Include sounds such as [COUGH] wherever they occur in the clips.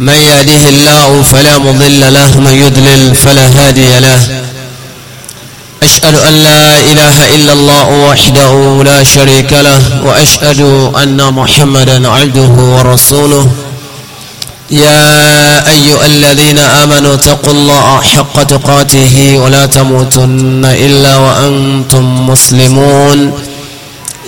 من يهده الله فلا مضل له من يضلل فلا هادي له أشهد أن لا إله إلا الله وحده لا شريك له وأشهد أن محمدا عبده ورسوله يا أيها الذين آمنوا اتقوا الله حق تقاته ولا تموتن إلا وأنتم مسلمون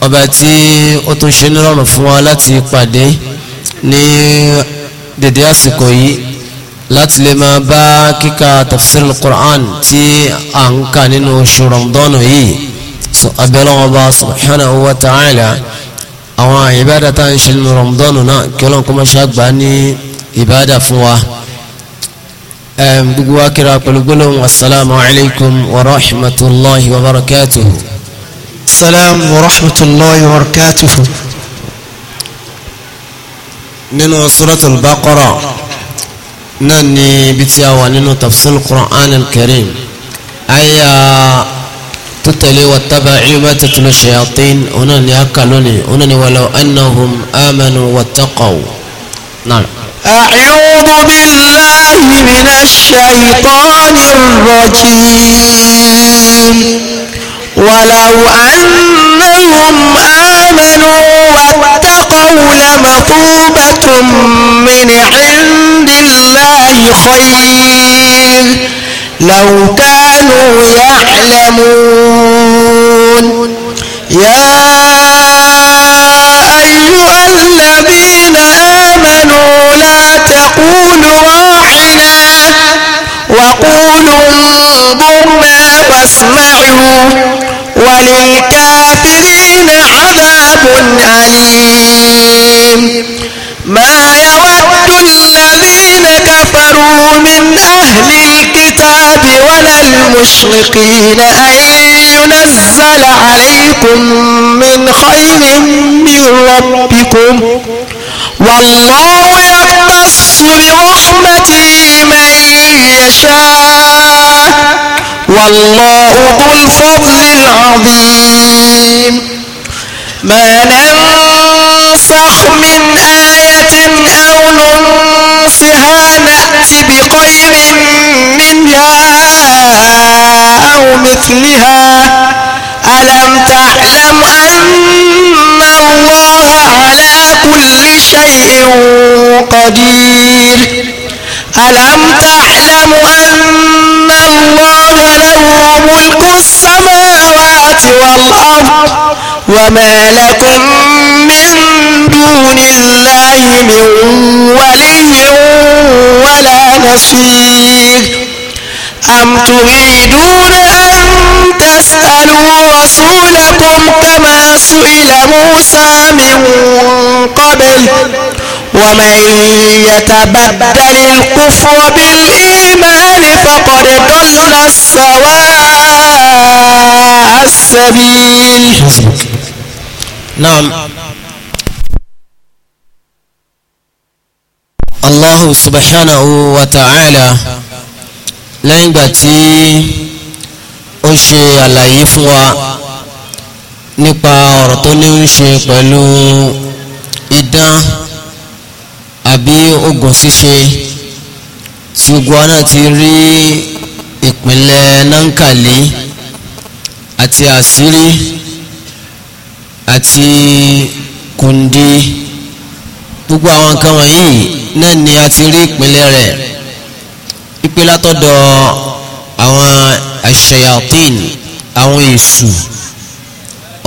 ọba tí ó tún ṣe nírọ̀rùn fún wa láti pàdé ní dédé àsìkò yìí láti lè máa bá kíka tafsir al-Qur'an tí a ń kà nínú oṣù rọ̀mdọ́nù yìí so abẹ́lẹ́ wọn bá subhanahu wa ta'ala àwọn ìbáda tá à ń ṣe nínú rọ̀mdọ́nù náà kí ọlọ́run kó máa ṣàgbá ní ìbáda fún wa gbogbo wa kíra pẹ̀lú gbólóhùn asalaamu alaykum wa rahmatulahi wa barakatuhu. السلام ورحمة الله وبركاته ننو سورة البقرة نني بتيا وننو تفسير القرآن الكريم أي تتلي واتبع ما تتلو الشياطين هنا يأكلوني هنا ولو أنهم آمنوا واتقوا نعم أعوذ بالله من الشيطان الرجيم ولو أنهم آمنوا واتقوا لمثوبة من عند الله خير لو كانوا يعلمون يا أيها الذين آمنوا لا تقولوا راحنا وقولوا انظرنا فاسمعوا وللكافرين عذاب أليم ما يود الذين كفروا من أهل الكتاب ولا المشرقين أن ينزل عليكم من خير من ربكم والله يختص برحمته من يشاء والله ذو الفضل العظيم ما ننسخ من آية أو ننسها نأتي بخير منها أو مثلها ألم تعلم أن الله على كل شيء قدير ألم تعلم أن الله ملك السماوات والأرض وما لكم من دون الله من ولي ولا نصير أم تريدون أن تسألوا رسولكم كما سئل موسى من قبل ومن يتبدل الكفر بالإيمان فقد ضل السواء السبيل نعم الله سبحانه وتعالى لن ìgbà tí ó ṣe àlàyé fún wa nípa إدان àbí ogun ṣíṣe tí gbogbo náà ti rí ìpínlẹ̀ nankali àti àṣírí àti kundi gbogbo àwọn nǹkan wọ̀nyí náà ni a ti rí ìpínlẹ̀ rẹ̀ ìpè látọ̀dọ̀ àwọn aṣayatin àwọn èṣù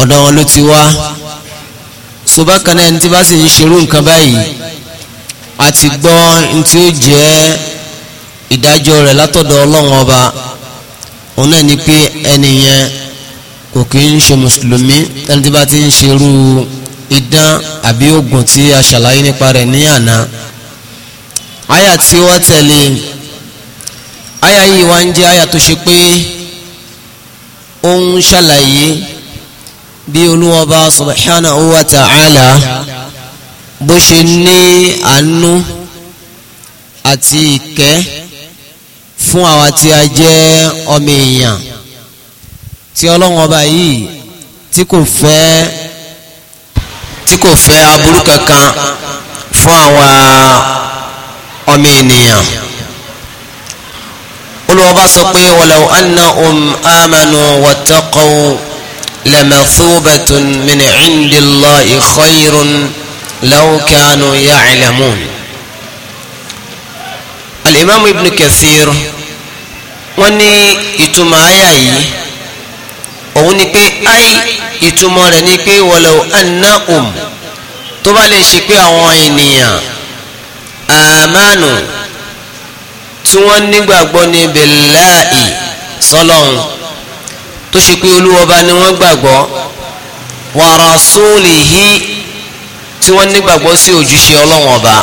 ọ̀dọ̀ wọn ló ti wá so bákan náà ẹni tí bá sì ń ṣerú nǹkan báyìí a ti gbọ́ ntí ó jẹ́ ìdájọ́ rẹ̀ látọ̀dọ̀ ọlọ́run ọba òun náà ni pé ẹni yẹn kò kí ń ṣe mùsùlùmí ẹni tí bá ti ń ṣerú idán àbí oògùn tí a ṣàlàyé nípa rẹ̀ ní àná àyà tí wọ́n tẹ̀lé àyà yìí wá ń jẹ́ àyà tó ṣe pé ó ń ṣàlàyé bí Olúwa Ọba subhanahu wa ta'ala bó ṣe ní àánú àti ìkẹ́ fún àwa tí a jẹ́ ọmọ èèyàn tí ọlọ́run ọba yìí tí kò fẹ́ tí kò fẹ́ aburú kankan fún àwa ọmọ ènìyàn olùwọ́ba sọ pé walaw annahum amanu wattaqaw lamathubatan min indillahi khayrun law kanu ya'lamun alimami ibn kathir wọ́n ní ìtumọ̀ àyà yìí òun ni pé ayi ìtumọ̀ rẹ̀ ni pé walau annahum tó bá lè ṣe pé àwọn ènìyàn àmánu tí wọ́n nígbàgbọ́ ní billahi sọlọ́hún tó ṣe pé olúwọba ni wọ́n gbàgbọ́ wa rasulihi tí wọ́n nígbàgbọ́ sí òjíṣẹ́ ọlọ́wọ́n ọba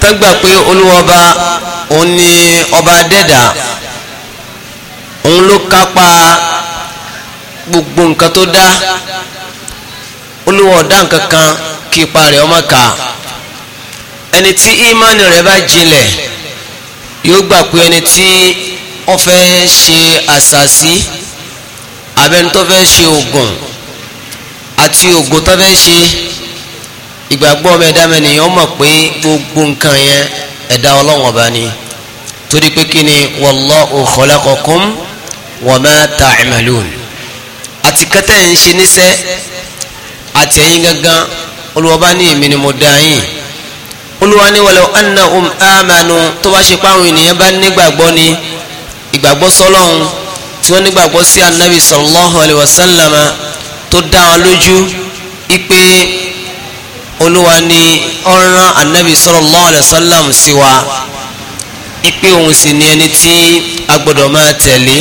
tó gbà pé olúwọba òun ni ọba adẹ́dà òun ló kápá gbogbo nǹkan tó dá olúwa ọ̀dá nǹkan kan kí ipa rẹ̀ ọmọ kà ẹni tí ìmánì rẹ̀ bá jinlẹ̀ yóò gbà pé ẹni tí wọ́n fẹ́ ṣe àṣàṣì abẹ́ni tó fẹ́ ṣe oògùn àti oògùn tó fẹ́ ṣe ìgbàgbọ́ ọmọ ẹ̀dá mẹ́niyàn ọmọ pé gbogbo nǹkan yẹn ẹ̀dá ọlọ́wọ̀n bá ní torí pé kí ni wallahu khalaqakum wa ma ta'malun àti kẹtẹ́ ń ṣe níṣẹ́ àti ẹ̀yin gangan olùwọ́bá ní èmi ni mo dá yín olùwà ní walau annahum amanu tó bá ṣe páwọn ènìyàn bá nígbàgbọ́ ni ìgbàgbọ́ sọlọ́hún tí wọ́n nígbàgbọ́ sí anabi sallallahu alayhi wa tó dá wọn lójú ipe olúwa ni ọ̀ràn anabi sallallahu alaihi wasallam sí wa ipe òun sì ni ẹni tí a gbọ́dọ̀ máa tẹ̀lé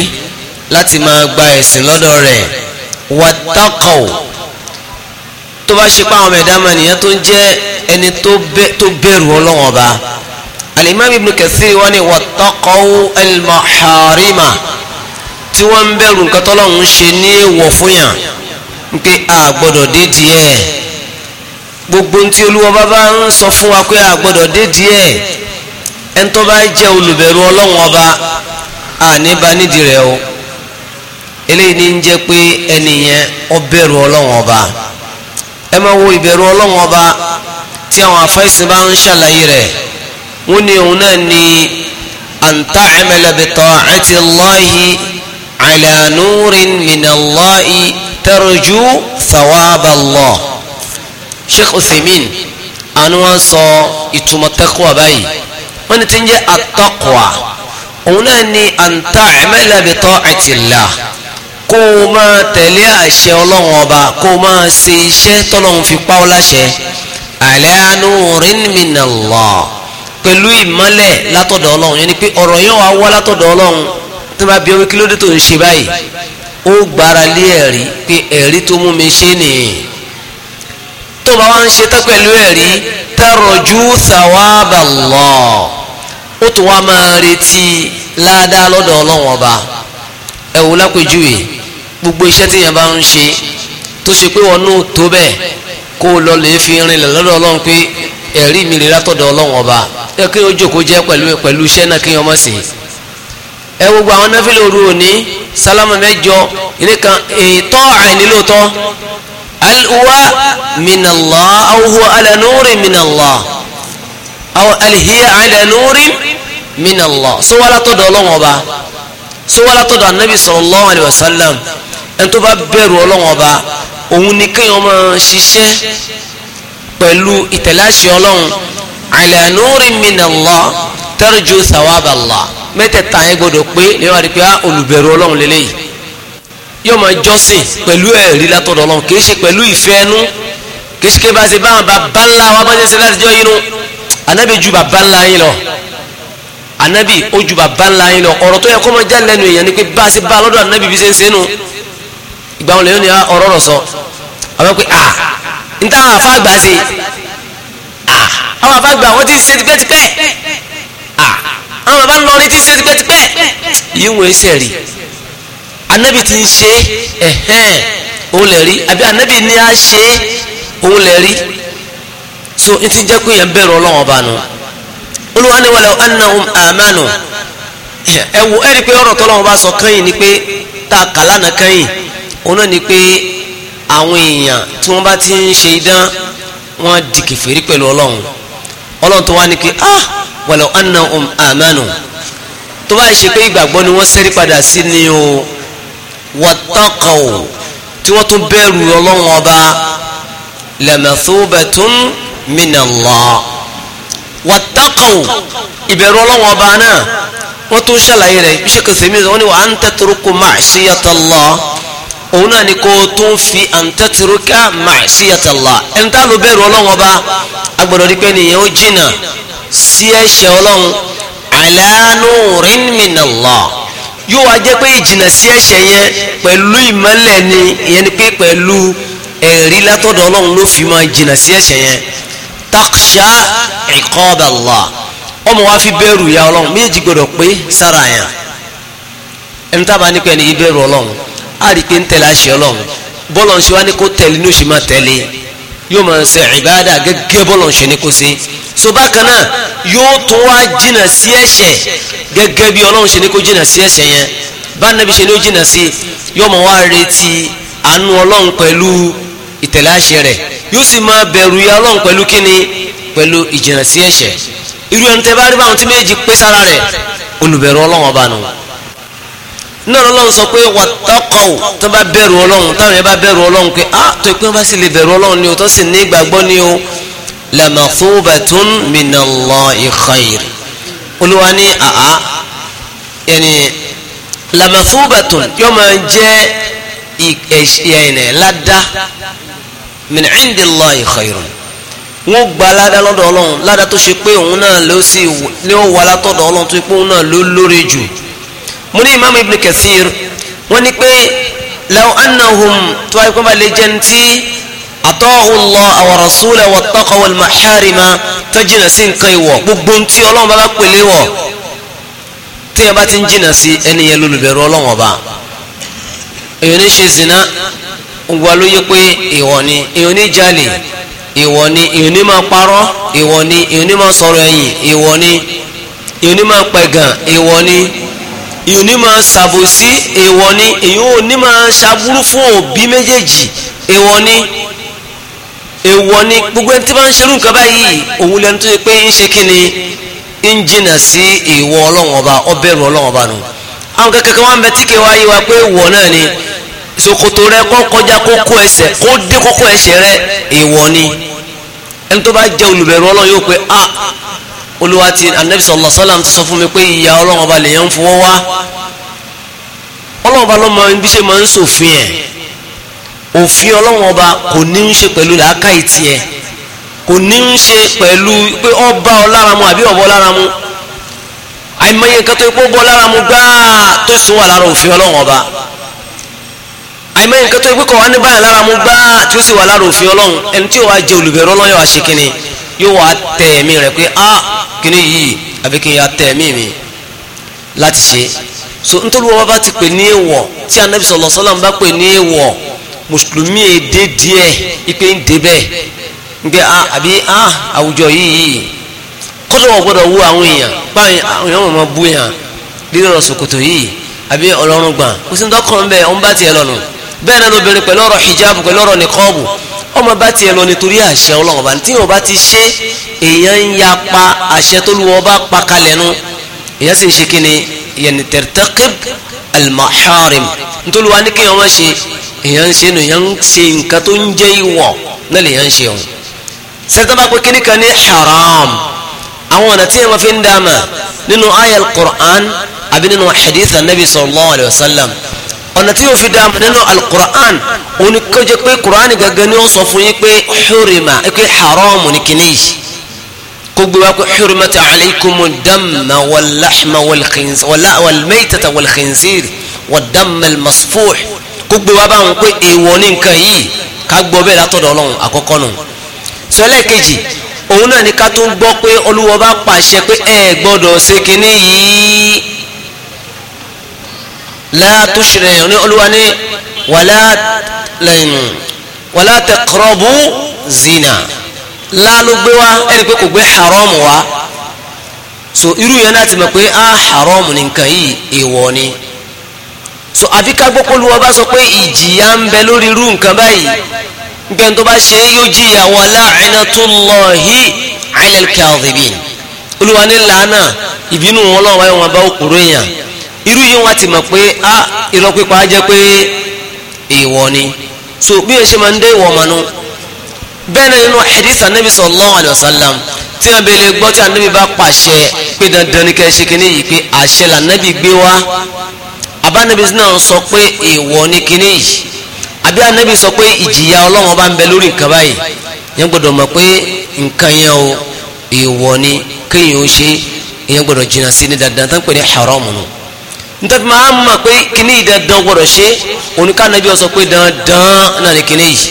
láti máa gba ẹ̀sìn lọ́dọ̀ rẹ̀ wattaqaw tó bá ṣe pé àwọn ọmọ ẹ̀dá mànìyàn tó ń jẹ́ ẹni tó bẹ̀rù ọlọ́wọ́n ọba alimam ibn kathir wọ́n ní wattaqaw al-maharima tí wọ́n ń bẹ̀rù nǹkan tọ́lọ́hún ṣe ní èèwọ̀ fún yàn pé a gbọ́dọ̀ dédìí ẹ̀ gbogbo ntí olúwa bàbá ń sọ fún wa pé àgbọ́dọ̀ dédìí ẹ̀ ẹni tó bá jẹ́ olùbẹ̀rù ọlọ́run ọba àníbá nídìí rẹ̀ o eléyìí ní ń jẹ́ pé ẹnìyẹn ọbẹ̀rù ọlọ́run ọba ẹ máa wo ìbẹ̀rù ọlọ́run ọba tí àwọn afẹ́sìn bá ń ṣàlàyé rẹ̀ wọ́n ní òun náà ní an ta'amala bi ta'ati Allahi ala nurin min sheikh usaimin àwọn wọn sọ ìtumọ̀ taqwa báyìí wọ́n ní ti ń jẹ́ at-taqwa òun náà ni an ta'mala bi ta'ati llah kó o máa tẹ̀lé àṣẹ ọlọ́run ọba kó o máa ṣe iṣẹ́ tọ́lọ́run fi pa ọ́ láṣẹ ala nurin minallah pẹ̀lú ìmọ́lẹ̀ látọ̀dọ̀ ọlọ́run yẹn ni pé ọ̀rọ̀ yẹn wà wá látọ̀dọ̀ ọlọ́run tó bá bí omi kí ló dé tó ń ṣe báyìí ó gbára lé ẹ̀rí pé ẹ̀rí tó mú mi ṣe nìyí tó bá wá ń ṣe tán pẹ̀lú ẹ̀rí tarju thawaba Allah ó tó wá máa retí ládàá lọ́dọ̀ ọlọ́wọ́n ọba ẹ̀wù lápèjúwe gbogbo iṣẹ́ tí yẹn bá ń ṣe tó ṣe pé wọn náà tó bẹ́ẹ̀ kó o lọ lè fi rinlẹ̀ lọ́dọ̀ ọlọ́run pé ẹ̀rí mi rè látọ̀dọ̀ ọlọ́wọ́n ọba ẹ kí o jòkó jẹ́ pẹ̀lú pẹ̀lú iṣẹ́ náà kí wọ́n mọ̀ sí i ẹ gbogbo àwọn náfìlì òru òní sálámà mẹ́jọ ìníkan ètò àìnílòótọ́ هل هو من الله أو هو على نور من الله أو هل هي على نور من الله سوالا تدعو الله أبا سوالا تدعو النبي صلى الله عليه وسلم ẹni tó bá bẹ̀rù ọlọ́wọ́n ọba òun ni kéèyàn máa ṣiṣẹ́ pẹ̀lú ìtẹ̀láṣẹ ọlọ́run ala nurin min Allah tarju thawab Allah mẹ́tẹ̀ẹ̀ta yẹn gbọ́dọ̀ pé lè wá rí pé olùbẹ̀rù ọlọ́run lélẹ́yìí yóò máa jọ́sìn pẹ̀lú ẹ̀rí látọ̀dọ̀ ọlọ́run kì í ṣe pẹ̀lú ìfẹ́ ẹnu kì í ṣe bá ṣe báwọn bàbá ńlá wa bá ṣe ṣe láti jọ yín nu ànábì ju bàbá ńlá yín lọ ànábì ó ju bàbá ńlá yín lọ ọ̀rọ̀ tó yẹ kó máa já lẹ́nu èèyàn ni pé bá a ṣe bá a lọ́dọ̀ ànábì bí ṣe ń ṣe nu ìgbà wọn lèyìn ni ọ̀rọ̀ rọ̀ sọ àwọn pé à ń táwọn afá àgbà ṣe à àwọn afá wọn ti ṣe tipẹ́tipẹ́ à àwọn bàbá ńlọrin ti ṣe tipẹ́tipẹ́ yíwọ̀n ẹsẹ̀ rí anabi ti ń ṣe ẹ̀hẹ́n òun lè rí àbí anabi ni a ṣe òun lè rí so n ti jẹ́ pé yẹn bẹ̀rù ọlọ́run ọba nù olúwa ni wàlẹ̀ annahum amanu ẹ wo ẹ rí i pé ọ̀rọ̀ tọ́lọ́run bá sọ kẹ́yìn ni pé tá a kà lánàá kẹ́yìn òun náà ni pé àwọn èèyàn tí wọ́n bá ti ń ṣe idán wọ́n di kèfèrí pẹ̀lú ọlọ́run ọlọ́run tó wá ní pé ah wàlẹ̀ annahum amanu tó bá ṣe pé ìgbàgbọ́ ni wọ́n sẹ́rí padà sí ni o wattaqaw tí wọ́n tún bẹ̀rù ọlọ́run ọba lamathubatun minallah wattaqaw ìbẹ̀rù ọlọ́run ọba náà wọ́n tún ṣàlàyé rẹ̀ bí ṣèkè sèmi wọ́n ní wa an tatruku ma'siyatallah òun náà ni kó o tún fi an tatruka ma'siyatallah ẹni tá ló bẹ̀rù ọlọ́run ọba agbọ̀dọ̀ rí nìyẹn ó jìnnà sí ẹ̀ṣẹ̀ ọlọ́run ala nurin minallah yóò wá jẹ́ pé ìjìnà sí ẹ̀ṣẹ̀ yẹn pẹ̀lú ìmọ́lẹ̀ ni ìyẹn ni pé pẹ̀lú ẹ̀rí látọ̀dọ̀ ọlọ́run ló fi máa jìnà sí ẹ̀ṣẹ̀ yẹn taksha iqab Allah ọmọ wa fi bẹ̀rù ya ọlọ́run méjì gbọdọ̀ pé sára yẹn ẹni tábà ní pẹ̀lú ìbẹ̀rù ọlọ́run á rí i ń tẹ̀lé àṣẹ ọlọ́run bọ́ọ̀lù ọ̀ṣun wa ní kó tẹ̀lé ní oṣù máa tẹ̀lé yóò máa ṣe ìbáàdà gẹ́gẹ́ bọ́lọ̀ ṣe ní kó ṣe so bákan náà yóò tún wá jìnà sí ẹ̀ṣẹ̀ gẹ́gẹ́ bí ọlọ́run ṣe ní kó jìnà sí ẹ̀ṣẹ̀ yẹn bá nàbí ṣe ní ó jìnà sí yóò máa wá retí àánú ọlọ́run pẹ̀lú ìtẹ̀lé àṣẹ rẹ̀ yóò sì máa bẹ̀rù ya ọlọ́run pẹ̀lú kíni pẹ̀lú ìjìnà sí ẹ̀ṣẹ̀ irú ẹni tẹ́ bá rí báwọn tí méjì pé sára rẹ̀ olùbẹ̀rù ọlọ́run ọba nù náà lọ́lọ́run sọ pé wattaqaw tó bá bẹ̀rù ọlọ́run táwọn yẹn bá bẹ̀rù ọlọ́run pé ah tó ìpín bá sì lè bẹ̀rù ọlọ́run ni o tó sì ní ìgbàgbọ́ ni o la mathūbatun minallahi khayr olúwa ní àá yẹni la mathūbatun yóò máa jẹ́ ẹ̀yìn ládá min indillahi khayr wọ́n gba ládá lọ́dọ̀ ọlọ́run ládá tó ṣe pé òun náà ló sì ní ó wà látọ̀dọ̀ ọlọ́run tó ṣe pé òun náà ló lóore jù mo ní imaamu ibn kasir wọ́n ní pé law annahum tó wáyé kọ́ba lè jẹun tí ata'u Allah wa rasulahu wattaqa wal maharima tó jìnnà sí nǹkan ìwọ̀ gbogbo ntí ọlọ́run bá bá pèlè wọ̀ tí ẹ bá ti ń jìnnà sí ẹni yẹn lólùbẹ̀rù ọlọ́run ọba èyàn ní ṣe zina gbogbo alóye pé ìwọ ni èyàn ní jalè ìwọ ni èyàn ní máa parọ́ ìwọ ni èyàn ní máa sọ̀rọ̀ ẹ̀yìn ìwọ ni èyàn ní máa pẹ̀gàn ìwọ ni èyí ò ní máa ṣàbòsí èèwọ̀ ni èyí ò ní máa ṣàbúrú fún òbí méjèèjì èèwọ̀ ni èèwọ̀ ni gbogbo ẹni tí wọ́n ń ṣerú nǹkan báyìí òun lẹnu tó yẹ pé ń ṣe kí ni ń jìnà sí èèwọ̀ ọlọ́run ọba ọbẹ̀rù ọlọ́run ọba nù àwọn kankan kan wá ń bẹ tí kì í wá wa pé èèwọ̀ náà ni ṣòkòtò rẹ kọ́ kọjá kókó ẹsẹ̀ kó dé kókó ẹsẹ̀ rẹ èèwọ̀ ni ẹni tó bá jẹ́ olùbẹ̀rù ọlọ́run yóò pé ah, olúwa ti anabi sallallahu alaihi wasallam ti sọ fún mi pé ìyá ọlọ́run ọba lèèyàn ń fọwọ́ wá ọlọ́run ọba ló máa ń bí ṣe máa ń ṣòfin ẹ̀ òfin ọlọ́run ọba kò ní ń ṣe pẹ̀lú làákàyè tiẹ̀ kò ní ń ṣe pẹ̀lú pé ọba ọláramu àbí ọba ọláramu àìmọye nǹkan tó ń pọ́ bọ́ ọláramu gbáà tó sì wà lára òfin ọlọ́run àìmọye nǹkan tó ń pẹ́ kọ́ wá ní báyà láramu gbáà tó sì wà lára òfin ọlọ́run ẹni tí yóò wá jẹ olùbẹ̀rọ ọlọ́run yóò yóò wá tẹ ẹ̀mí rẹ̀ pé ah kíní yìí àbí kí n ya tẹ̀ mí mi láti ṣe so nítorí wọn bá ti pè ní èèwọ̀ tí anabi sọlọ sọlá ń bá pè ní èèwọ̀ mùsùlùmí èdè díẹ̀ ipe ń dé bẹ́ẹ̀ ń gbé a ah, àbí a ah, àwùjọ yìí kọ́dọ̀ wọ́n gbọ́dọ̀ wú àwọn èèyàn báyìí àwọn èèyàn mọ̀ bú yàn lílọ ọ̀rọ̀ sòkòtò yìí àbí ọlọ́run gbà kò sí ní dọ́kàn bẹ́ẹ̀ ọ̀n bá tiẹ̀ lọ́nu bẹ́ẹ̀ náà lóbìnrin pẹ̀lú ọ̀rọ̀ hijab pẹ̀lú ọ̀rọ̀ nìkọ́ọ̀bù ọmọ bá tiẹ̀ lọ nítorí àṣẹ ọlọ́run ọba tí wọn bá ti ṣe èèyàn ń ya pa àṣẹ tó lù wọn bá pa kalẹ̀ nu èèyàn sì ń ṣe kíni yẹn tẹ̀rẹ̀tẹ̀kẹ́ almaharim nítorí wa ní kí wọn ṣe èèyàn ń ṣe nu èèyàn ń ṣe nǹkan tó ń jẹ́ ìwọ̀ náà lè yàn ń ṣe òun sẹ́tàn bá pé kíní kan ní haram àwọn ọ̀nà tí wọn fi ń dá mà nínú ayel Qur'an àbí nínú hadith anabi sallallahu alayhi ọ̀nà tí yóò fi dá mọ̀ nínú alukur'an òun ni kó jẹ́ pé kur'an gangan ni ó sọ fún yín pé hurima pé haramu ni kìíní yìí kó gbé wá pé hurima ti alaykum dama walahma walmaitata walkhinzir wadama almasfuh kó gbé wá báwọn pé èèwọ̀ nǹkan yìí ká gbọ́ bẹ́ẹ̀ látọ̀dọ̀ ọlọ́run àkọ́kọ́ nù sọlẹ́ kejì òun náà ni ká tún gbọ́ pé olúwa bá pàṣẹ pé ẹ gbọ́dọ̀ ṣe kìíní yìí la tushriku ní olúwa ní wàlá lẹ́yìnù wàlá taqrabu zina lálùgbé wa ẹni pé kò gbé haram wa so irú yẹn láti mọ̀ pé a ah, haram nìkan yìí èèwọ̀ ni so àfi kágbókòlù wa bá sọ pé ìjìyà ń bẹ lórí irú nǹkan báyìí nǹkan tó bá ṣe yóò jìyà wala'inatullahi 'alal kadhibin olúwa ní làánà ìbínú wọn lọ́wọ́ wọn bá òkúrò èèyàn irú yìí wọ́n ti mọ̀ pé a ah, irọ́ pípa jẹ́ pé èèwọ̀ ni so bí o ṣe máa ń dé ìwọ̀ mọ̀nú bẹ́ẹ̀ náà nínú hadith anabi sallallahu alayhi wa sallam tí wọ́n bẹ̀rẹ̀ gbọ́ tí anabi bá pàṣẹ pé dandan ni kẹ́ ṣe kíní yìí pé àṣẹ lànàbì gbé wá abánabi náà sọ pé èèwọ̀ ni kíní yìí àbí anabi sọ pé ìjìyà ọlọ́run bá ń bẹ lórí nǹkan báyìí yẹn gbọ́dọ̀ mọ̀ pé nǹkan yẹn o èèwọ̀ ni kéèyàn ó ṣe yẹn gbọ́dọ̀ jìnnà sí ní dandan tán pè ní haram nù nítorí máa ń mọ̀ pé kíní ìdandan gbọ́dọ̀ ṣe oníkànnàbí ọ sọ pé dandan náà ni kíní yìí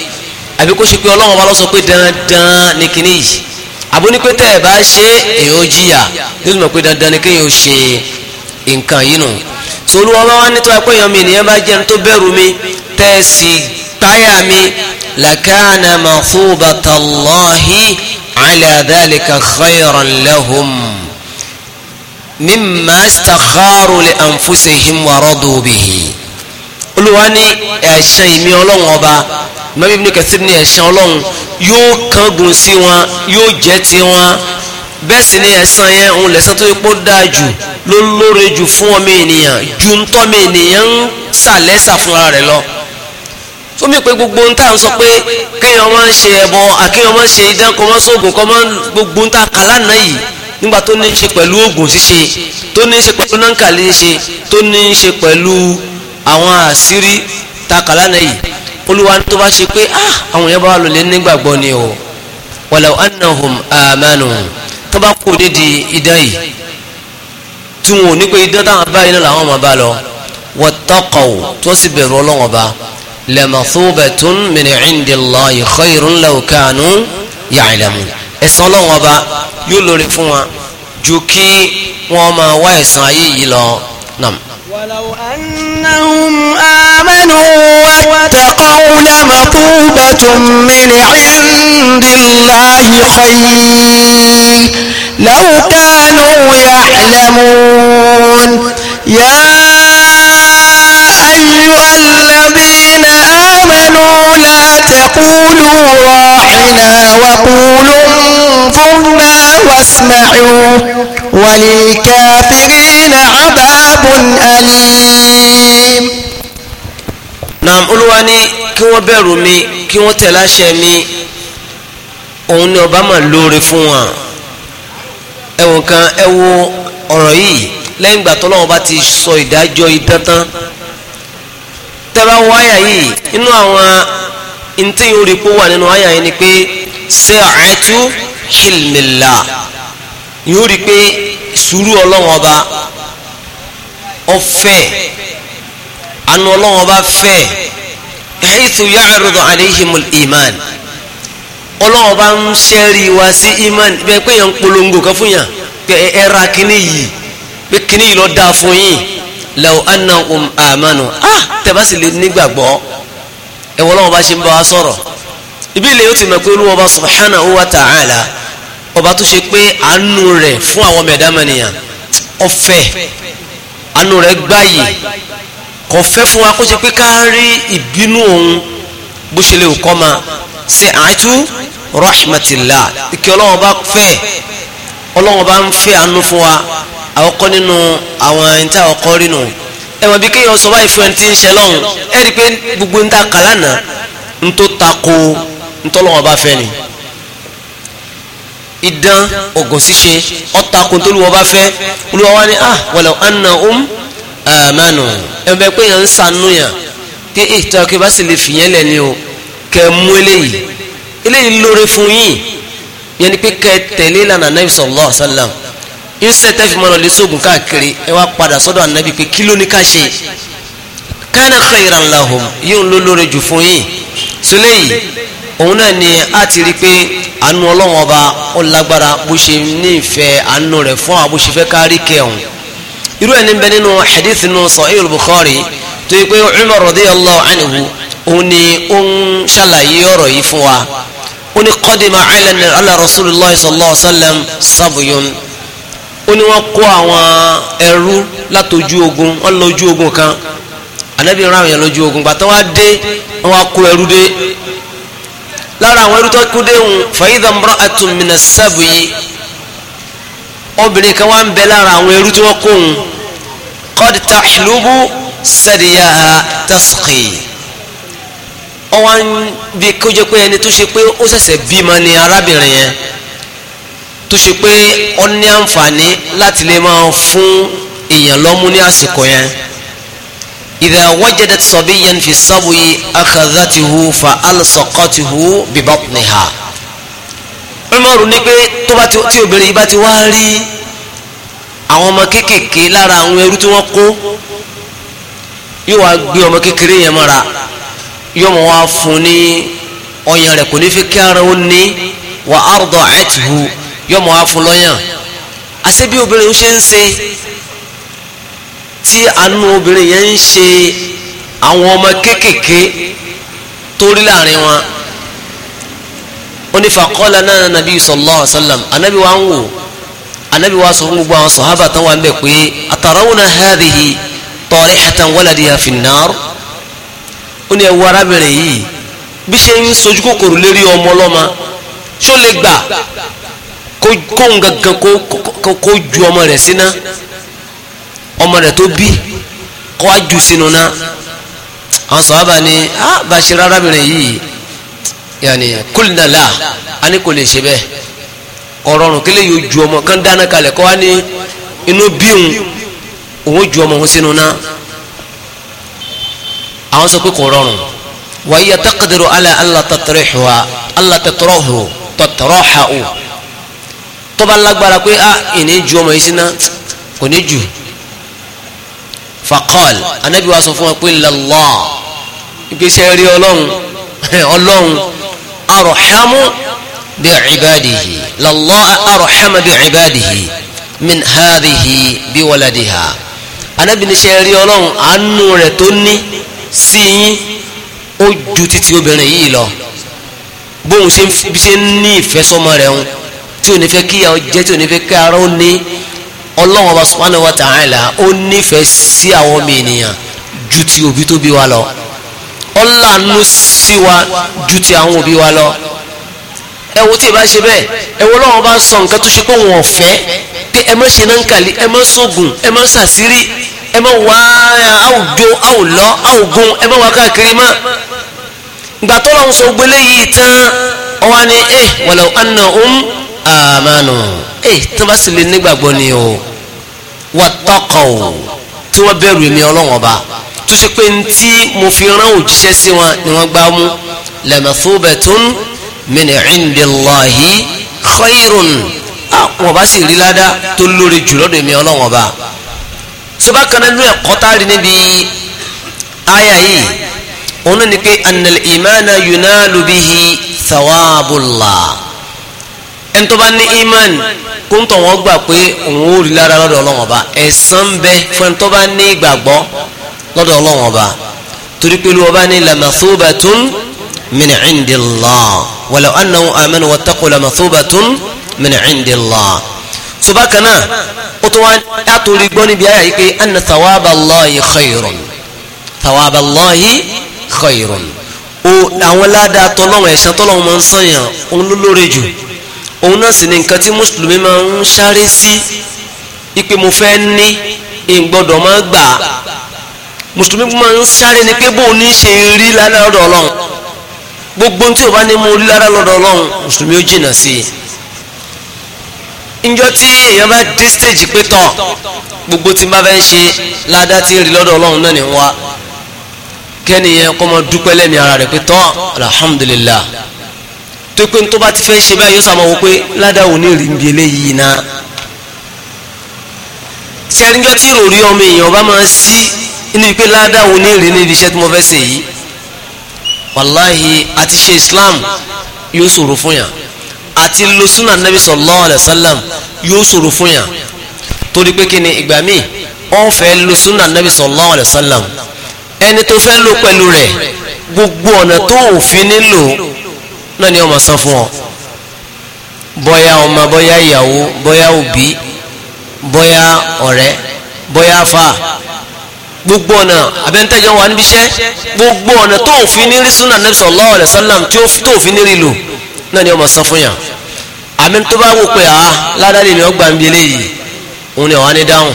àbí kó ṣe pé ọlọ́run wa lọ sọ pé dandan ni kíní yìí àbó ní pé tẹ́ ẹ̀ bá ṣe èyàn ó jìyà nítorí mọ̀ pé dandan ni kéèyàn ó ṣe nǹkan yìí nù so olúwa bá wá nítorí pé èèyàn mi ènìyàn bá jẹun tó bẹ̀rù mi tẹ́ ẹ sì táyà mi làkàna mathubatallahi ala dhalika khayran lahum mimma istakharu li anfusihim wa radu bihi olùwà ní ẹ̀ṣẹ̀ ìmí ọlọ́run ọba mẹ́bí ibn Kathir ní ẹ̀ṣẹ̀ ọlọ́run yóò kángun sí wọn yóò jẹ́ ti wọn bẹ́ẹ̀ sì ni ẹ̀san yẹn òun lẹ́san tó pọ̀ dáa jù ló lóore jù fún ọmọ ènìyàn ju ń tọ́mọ ènìyàn ń sàlẹ́sà fúnra rẹ̀ lọ tó mi pé gbogbo ń tà ń sọ pé kéèyàn máa ń ṣe ẹbọ àkéèyàn máa ń ṣe idán kọ́ máa ń sóògùn kọ́ máa ń gbogbo ń tà kálánà yìí nígbà tó ní í ṣe pẹ̀lú oògùn ṣíṣe tó ní í ṣe pẹ̀lú nánkàlí ṣe tó ní í ṣe pẹ̀lú àwọn àṣírí takàlánà yìí olúwa tó bá ṣe pé ah àwọn èèyàn bá wà lólè nígbàgbọ́ ni o walaw annahum amanu tó bá kú òdìdí idán yìí tí wọn ò ní pé idán táwọn bá iná làwọn máa bá lọ wattaqaw tó sì bẹ̀rù ọlọ́wọ́n bá lamathubatun min indillahi khayrun law kanu ya'lamun ẹ̀sán ọlọ́wọ́n bá yóò lóore fún wa ju kí wọ́n máa wá ẹ̀san ayé yìí lọ nam. ولو أنهم آمنوا واتقوا لمثوبة من عند الله خير لو كانوا يعلمون يا أيها الذين آمنوا لا تقولوا راحنا وقولوا انظرنا واسمعوا وللكافرين عذاب أليم نعم Olúwa ní kí wọ́n bẹ̀rù mi kí wọ́n tẹ̀lé àṣẹ mi òun ni ọba máa lóore fún wọn ẹwọn kan ẹ wo ọ̀rọ̀ yìí lẹ́yìn ìgbà tó lọ́wọ́ bá ti sọ ìdájọ́ idán tán tẹ́lá wáyà yìí inú àwọn ntẹ́yìn orí pọ̀ wà nínú wáyà yìí ni pé ṣé àìtú hilmillah yóò rí pé sùúrù ọlọ́run ọba ọfẹ́ anu ọlọ́run ọba fẹ́ haythu ya'rudu alayhimul iman ọlọ́run ọba ń ṣẹ́rí wá sí iman bẹ́ẹ̀ pé yẹn ń polongo kan fún yàn pé ẹ ra yìí pé kíní yìí lọ dáa fún yín law annahum amanu ah tẹ̀ bá sì lè nígbàgbọ́ ẹ wọ́n ọba ṣe ń bá wa sọ̀rọ̀ ibi ilẹ̀ yóò ti mọ̀ pé olúwa ọba subhanahu wa ta'ala ọba tó ṣe pé àánú rẹ̀ fún àwọn ọmọ ẹ̀dá mẹ́niyàn ọ̀fẹ́ àánú rẹ̀ gbáyì kò fẹ́ fún wa kó ṣe pé ká rí ìbínú òun bó ṣe lè kọ́ ma ṣe àtú rahmatillah ìkẹ́ ọlọ́wọ́n bá fẹ́ ọlọ́wọ́n bá ń fẹ́ àánú fún wa àkọ́kọ́ nínú àwọn ẹni tí àkọ́kọ́ rí nù ẹ̀wọ̀n bí kéèyàn sọ báyìí fún ẹni tí ń ṣe lọ́hùn ẹ̀rí pé gbogbo ń ta kàlánà ń tó tako ntọ́lọ́wọ́n bá fẹ́ ni idán ogun ṣíṣe ọ̀tàkùn tó lùwọ́ bá fẹ́ olùwọ́ wa ni ah walau annahum amanu ẹ̀ bẹ́ẹ̀ pé yẹn ń sànú yàn kí ètò akẹ́ se sì lè fìyẹn lẹ̀ ni o kẹ́ mú eléyìí eléyìí lóore fún yín yẹn ni pé kẹ́ tẹ̀lé lànà nabi sallallahu alaihi wasallam ìṣe tẹ́fì mọ́ lọ lé sóògùn káàkiri ẹ wá padà sọ́dọ̀ ànábì pé kí ló ní ká ṣe kana khairan lahum yóò ń lólóore jù fún yín sọlẹ́yìí òun náà ni a ti rí i pé àánú ọlọ́wọ́n ọba ó lágbára bó ṣe ní ìfẹ́ àánú rẹ̀ fún àwọn bó ṣe fẹ́ kárí kẹun irú ẹni bẹ nínú hadith nínú sahih al-bukhari tó yẹ pé Umar radiyallahu anhu òun ni ó ń ṣàlàyé ọ̀rọ̀ yìí fún wa ó ní qadima ala rasulillah sallallahu alayhi wa ó ní wọ́n kó àwọn ẹrú látọjú ogun wọ́n lọ ogun kan anabi ran àwọn yẹn lójú ogun gbàtọ́ wa dé wọ́n kó ẹrú dé lára àwọn irútọ́ kúdéhùn fàyídà mọ́rọ́ àtúnmìnà sábù yìí obìnrin kan wá ń bẹ lára àwọn irú tí wọ́n kóhun qad tahlubu sadiyaha tasqi ọ wá ń bi kó pé ẹni tó ṣe pé ó ṣẹ̀ṣẹ̀ bímọ ni arábìnrin yẹn tó ṣe pé ó ní àǹfààní láti lè máa fún èèyàn lọ́mú ní àsìkò yẹn. إذا وجدت صبيا في الصبي أخذته فألصقته ببطنها Umaru نبي pé tó bá باتي obìnrin yìí bá ti wá rí àwọn ọmọ kéékèèké lára àwọn ẹrú tí wọ́n kó yóò wá gbé ọmọ kékeré yẹn mọ́ra yóò mọ̀ wá fún ní ọyàn rẹ̀ kò ní fi kí ara ó ní wà á rọ̀dọ̀ àìtìhù yóò mọ̀ wá fún lọ́yàn àṣé bí obìnrin ó ṣe ń ṣe tí anú obìnrin yẹn ń ṣe àwọn ọmọ kéékèèké tó rí láàrin wọn ó ní fàkọ́lá náà nàbí sallallahu alaihi wasallam anábì wa ń wò anábì wa sọ fún gbogbo àwọn sọ̀hábà tán wà ń bẹ̀ pé atarawna hadhihi tarihatan waladiha finnar ó ní ẹwọ arábìnrin yìí bí ṣe ń sojú kòkòrò lérí ọmọ ọlọ́mọ ṣó lè gbà kó ń gangan kó ju ọmọ rẹ̀ síná ọmọ rẹ̀ tó bí kọ́ wá jù sínú náà àwọn sọ̀hábà ni a bá ṣe arábìnrin yìí yàní kúlìnàlá a ní kò lè ṣe bẹ́ẹ̀ ọ̀rọ̀rùn kí lè yóò ju ọmọ kan dáná kalẹ̀ kọ́ wá ní inú bíhùn òun ju ọmọ òun sínú náà àwọn sọ pé kò rọrùn wàyí àtàkàdérò alẹ́ alátàtàrẹ́hùwà alátàtàrọ̀hù tọ̀tàrọ̀hà ò tọ́ba lágbára pé a ìní ju ọmọ yìí síná kò ní jù faqal anabi wa sọ fún wọn pé lọlọ ìgbésẹ̀ rí ọlọ́run [LAUGHS] ọlọ́run arhamu bi ibadihi lọlọ arhamu bi ibadihi min hadhihi bi waladiha anabi ní sẹ rí ọlọ́run àánú rẹ̀ tó ní sí yín ó ju títí obìnrin yìí lọ bóun ṣe ń ní ìfẹ́ sọmọ ń tí ò ní fẹ́ kíyàwó jẹ́ tí ò ní fẹ́ kí ara ní ọlọ́run ọba subhanahu wa ta'ala ó nífẹ̀ẹ́ sí àwọn ọmọ ènìyàn ju ti òbí tó bí wa lọ ọlànà sí wa ju ti àwọn òbí wa lọ ẹ wo tí ì bá ṣe bẹ́ẹ̀ ẹ wo ọlọ́run ọba ń sọ nǹkan tó ṣe pé wọn ò pé ẹ má ṣe náà ń kàlí ẹ má sógun ẹ má ṣàṣírí ẹ má wá àwùjọ àwùlọ àwùgun ẹ má wá káàkiri mọ́ gbàtọ́ làwọn sọ gbélé yìí tán ọwọ́ ni ẹ wàlẹ́ ọ̀nà òun amanu ee eh, tí wọ́n bá sì lè nígbàgbọ́ ni o wattaqaw o tí wọ́n bẹ̀rù èmi ọlọ́wọ́n ba tó ṣe pé ntí mo fi rán òjíṣẹ́ sí wọn ni wọ́n gbá mú lamathubatun min indillahi khayrun ah, wọ́n bá sì rí ládá tó lórí jùlọ dèmi ọlọ́wọ́n ba sọba kan nínú ẹ̀kọ́ rí níbi àyà yìí òun ni pé anal imana yunalu bihi thawabullah ẹni tó bá ní iman kó ń tọ̀ wọ́n gbà pé òun ò rí lára lọ́dọ̀ Ọlọ́run Ọba ẹ̀san bẹ fún ẹni tó bá ní ìgbàgbọ́ lọ́dọ̀ Ọlọ́run Ọba torí pé olúwa bá ní lamathubatun min indillah walaw annahum amanu wattaqu lamathubatun min indillah subakana ó tó wá àtòrí gbọ́ níbi ayà yìí pé anna thawaba Allahi khayrun thawaba Allahi khayrun o àwọn ládàá tọ́lọ́wọ̀n ẹ̀san tọ́lọ́wọ̀n máa òun náà sì ni nǹkan tí mùsùlùmí máa ń sáré sí ipe mo fẹ́ ní ìgbọ́dọ̀ máa gbà á mùsùlùmí máa ń sáré ni pé bóun ní ṣe rí lára lọ́dọ̀ ọlọ́run gbogbo tí o bá ní mo rí lára lọ́dọ̀ ọlọ́run mùsùlùmí ó jìnnà sí i njọ́ tí èèyàn bá dé stage pé tán gbogbo tí bá fẹ́ ń ṣe ládá tí rí lọ́dọ̀ ọlọ́run náà ní wa kẹ́niyẹn kọ́ dúpẹ́ lẹ́mìí ara rẹ̀ pé tán alhamdulillah tó pé tó bá ti fẹ́ ṣe báyìí yóò sàmọ̀ wò pé ládàá ní rí ibi eléyìí náà sẹ́ríńjọ́ tí rò ọmọ èèyàn bá máa sí inú pé ládàá ní rí níbi iṣẹ́ tí mo fẹ́ ṣe yìí wàláhì àti ṣe Islam yóò ṣòro fún yàn àti lo sunnah nabi sallallahu sallam yóò ṣòro fún yàn torí pé kí ni ìgbà míì wọ́n fẹ́ lo sunnah nabi sallallahu sallam ẹni tó fẹ́ lò pẹ̀lú rẹ̀ gbogbo ọ̀nà tó òfin nílò náà ni ọmọ san fún ọ bọ́yá ọmọ bọ́yá ìyàwó bọ́yá òbí bọ́yá ọ̀rẹ́ bọ́yá afa gbogbo ọ̀nà abẹ́ntẹ́jọ́ wà níbi iṣẹ́ gbogbo ọ̀nà tó òfin ní rí súnà Nabi sallallahu alaihi wasallam tí ó tó òfin ní rí lò náà ni ọmọ san fún yàn àmì tó bá wò pé a ládàlè ni ọgbà ń bi eléyìí òun ni ọ̀wá ní dáhùn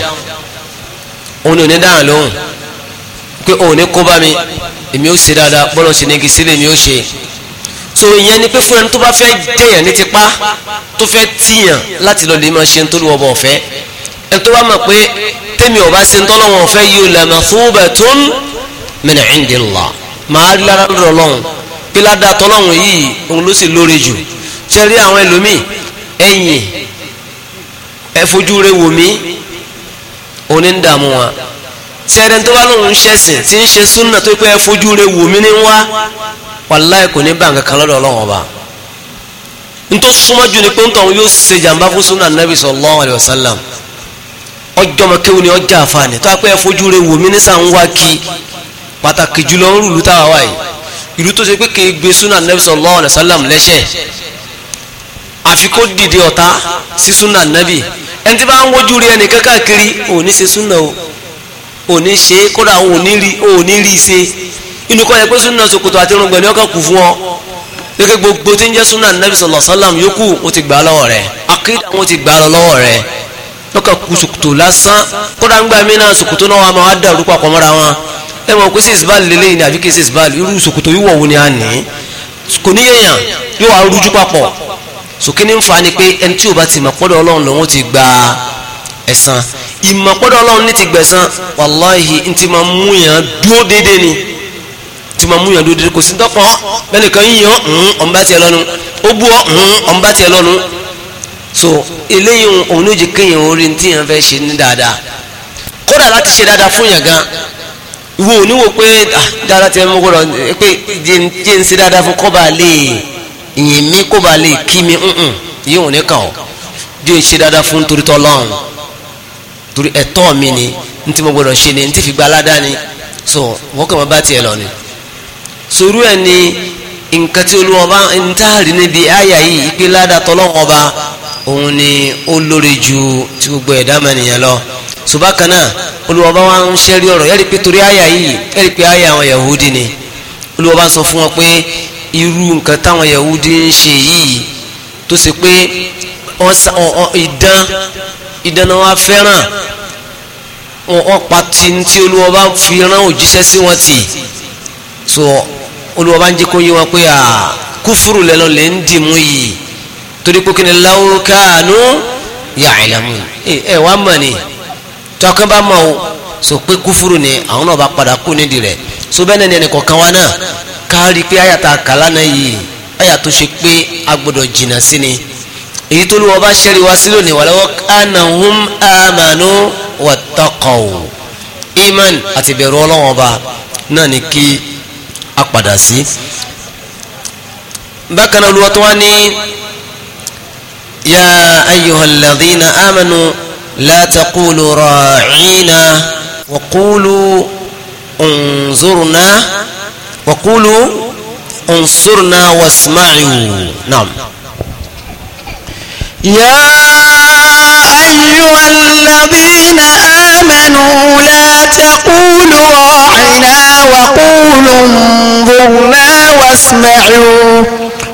òun ni ò dáhùn lóhùn pé òun ní kó bá mi èmi ó ṣe dáadáa bọ́lọ̀ ṣe ní kí sílẹ̀ èmi ó ṣe so ìyẹn ni pé fún ẹni tó bá fẹ́ jẹyàn ní tipa tó fẹ́ tíyàn láti lọ lè máa ṣe nítorí ọba ọ̀fẹ́ ẹni tó bá mọ̀ pé tẹ́mi ọba ṣe nítorí ọba ọ̀fẹ́ yìí la mathubatun min indillah máa rí lára lọ́dọ̀ ọlọ́run pé ládàá tọ́lọ́run yìí òun ló sì lóore jù ṣe rí àwọn ẹlòmíì ẹ̀yìn ẹ fojú rẹ wò mí òun ní ń dààmú wa sẹ́rẹ̀ tó bá lóun ṣẹ̀sìn tí ń ṣe súnà tó pé ẹ fojú rẹ wò mí ní wá wàláì kò ní bá nǹkan kan lọ́dọ̀ ọlọ́run ọba nítorí súnmọ́ jù ni pé ń tọ̀hún yóò ṣe jàǹbá fún sunna nabi sallallahu alayhi wa sallam ọjọ́ ọmọ kéwu ni ọjà àfààní tó a pé ẹfojú rẹ wò mí ní sànwá kí pàtàkì jùlọ ń rúlu táwa wáyé ìlú tó ṣe pé kéé gbé sunna nabi sallallahu alayhi wa sallam lẹ́sẹ̀ àfi dìde ọ̀tá sí sunna nabi ẹni tí bá ń wojú rí ẹnìkan káàkiri òní ṣe sunna o òní ṣe kódà òní rí ṣe inú kọ́ yẹ pé súnà ṣòkòtò àti irùngbọ̀n ni ọkàn kù fún ọ gẹ́gẹ́ gbogbo tí ń jẹ́ súnà nàbì sallallahu alaihi wasallam yòókù wọ́n ti gbà á lọ́wọ́ rẹ̀ àkídà wọ́n ti gbà á lọ́wọ́ rẹ̀ lọ́kàn kù ṣòkòtò lásán kódà ń gbà mí náà ṣòkòtò náà wà máa wá dàrú papọ̀ mọ́ra wọn ẹ mọ̀ pé sísbàlì lélẹ́yìn ni àbí kí sísbàlì irú ṣòkòtò yìí wọ̀ wo ni a ìmọ̀ pọ́dọ̀ ọlọ́run ní ti gbẹ̀san wàláhì ntí mú yàn dúró déédéé ni tí ma mú yàn dúró dídí kò sí dọ́kọ̀ bẹ́nìkan yíyan ọ̀nba tiẹ̀ lọ́nu ó bú ọ̀nba tiẹ̀ lọ́nu so eléyìí òun ló jẹ kéèyàn orí tí yàn fẹ́ ṣe ní dáadáa kódà láti ṣe dáadáa fún yàn gan ìwọ ò ní wò pé ah, dáadáa tiẹ̀ mú kó lọ pé jẹ́ ń ṣe dáadáa fún kọ́ba lè yìn mí kọ́ba lè kí mi yìí ò ní kàn jẹ́ ń ṣe dáadáa fún torítọ́ lọ́run torí ẹ̀tọ́ mi ni ntí mo gbọdọ̀ ṣe ni ntí fi gba aládàá so wọ́n kàn máa bá tiẹ̀ lọ ni sòrú ẹ̀ ni nǹkan tí olúwa bá ń táàrí níbi àyà yìí ìpè ládàtọ̀ lọ́wọ́ ọba òun ni ó lóore ju ti gbogbo ẹ̀dá mẹ́nìyàn lọ ṣùgbọ́n kan náà olúwa bá wá ń ṣẹ́rí ọ̀rọ̀ ẹ̀rí pé torí àyà yìí ẹ̀rí pé àyà àwọn Yahudi ni olúwa bá sọ fún wọn pé irú nǹkan táwọn Yahudi ń ṣe yìí tó ṣe pé ìdán ìdán náà wá fẹ́ràn wọn pa tí olúwa bá fi rán òjíṣẹ́ sí wọn tì so olùwọ́ba ń jẹ́ kó yé wọn pé à kúfúrú lẹ́nu lè ń dìmú yìí torí pé kí ni láwùkánú ya'lamu ẹ ẹ wàá mọ̀ ni tọkàn bá mọ̀ o sọ pé kúfúrú ni àwọn náà bá padà kú nídìí rẹ̀ so bẹ́ẹ̀ ni ẹnìkan kan wa náà kárí pé àyàtà kàlánà yìí àyà ṣe pé a gbọ́dọ̀ jìnnà sí ni èyí tó lùwọ́ bá wá sí lónìí walaw anahum amanu wattaqaw iman àti bẹ̀rù náà ni kí apada sí bákan náà olùwàtò wa ní yá ayyuhal ladhina amanu la taqulu ra'ina wa qulu unzurna wa qulu unzurna wasma'u naam. يا أيها الذين آمنوا لا تقولوا راعنا وقولوا انظرنا واسمعوا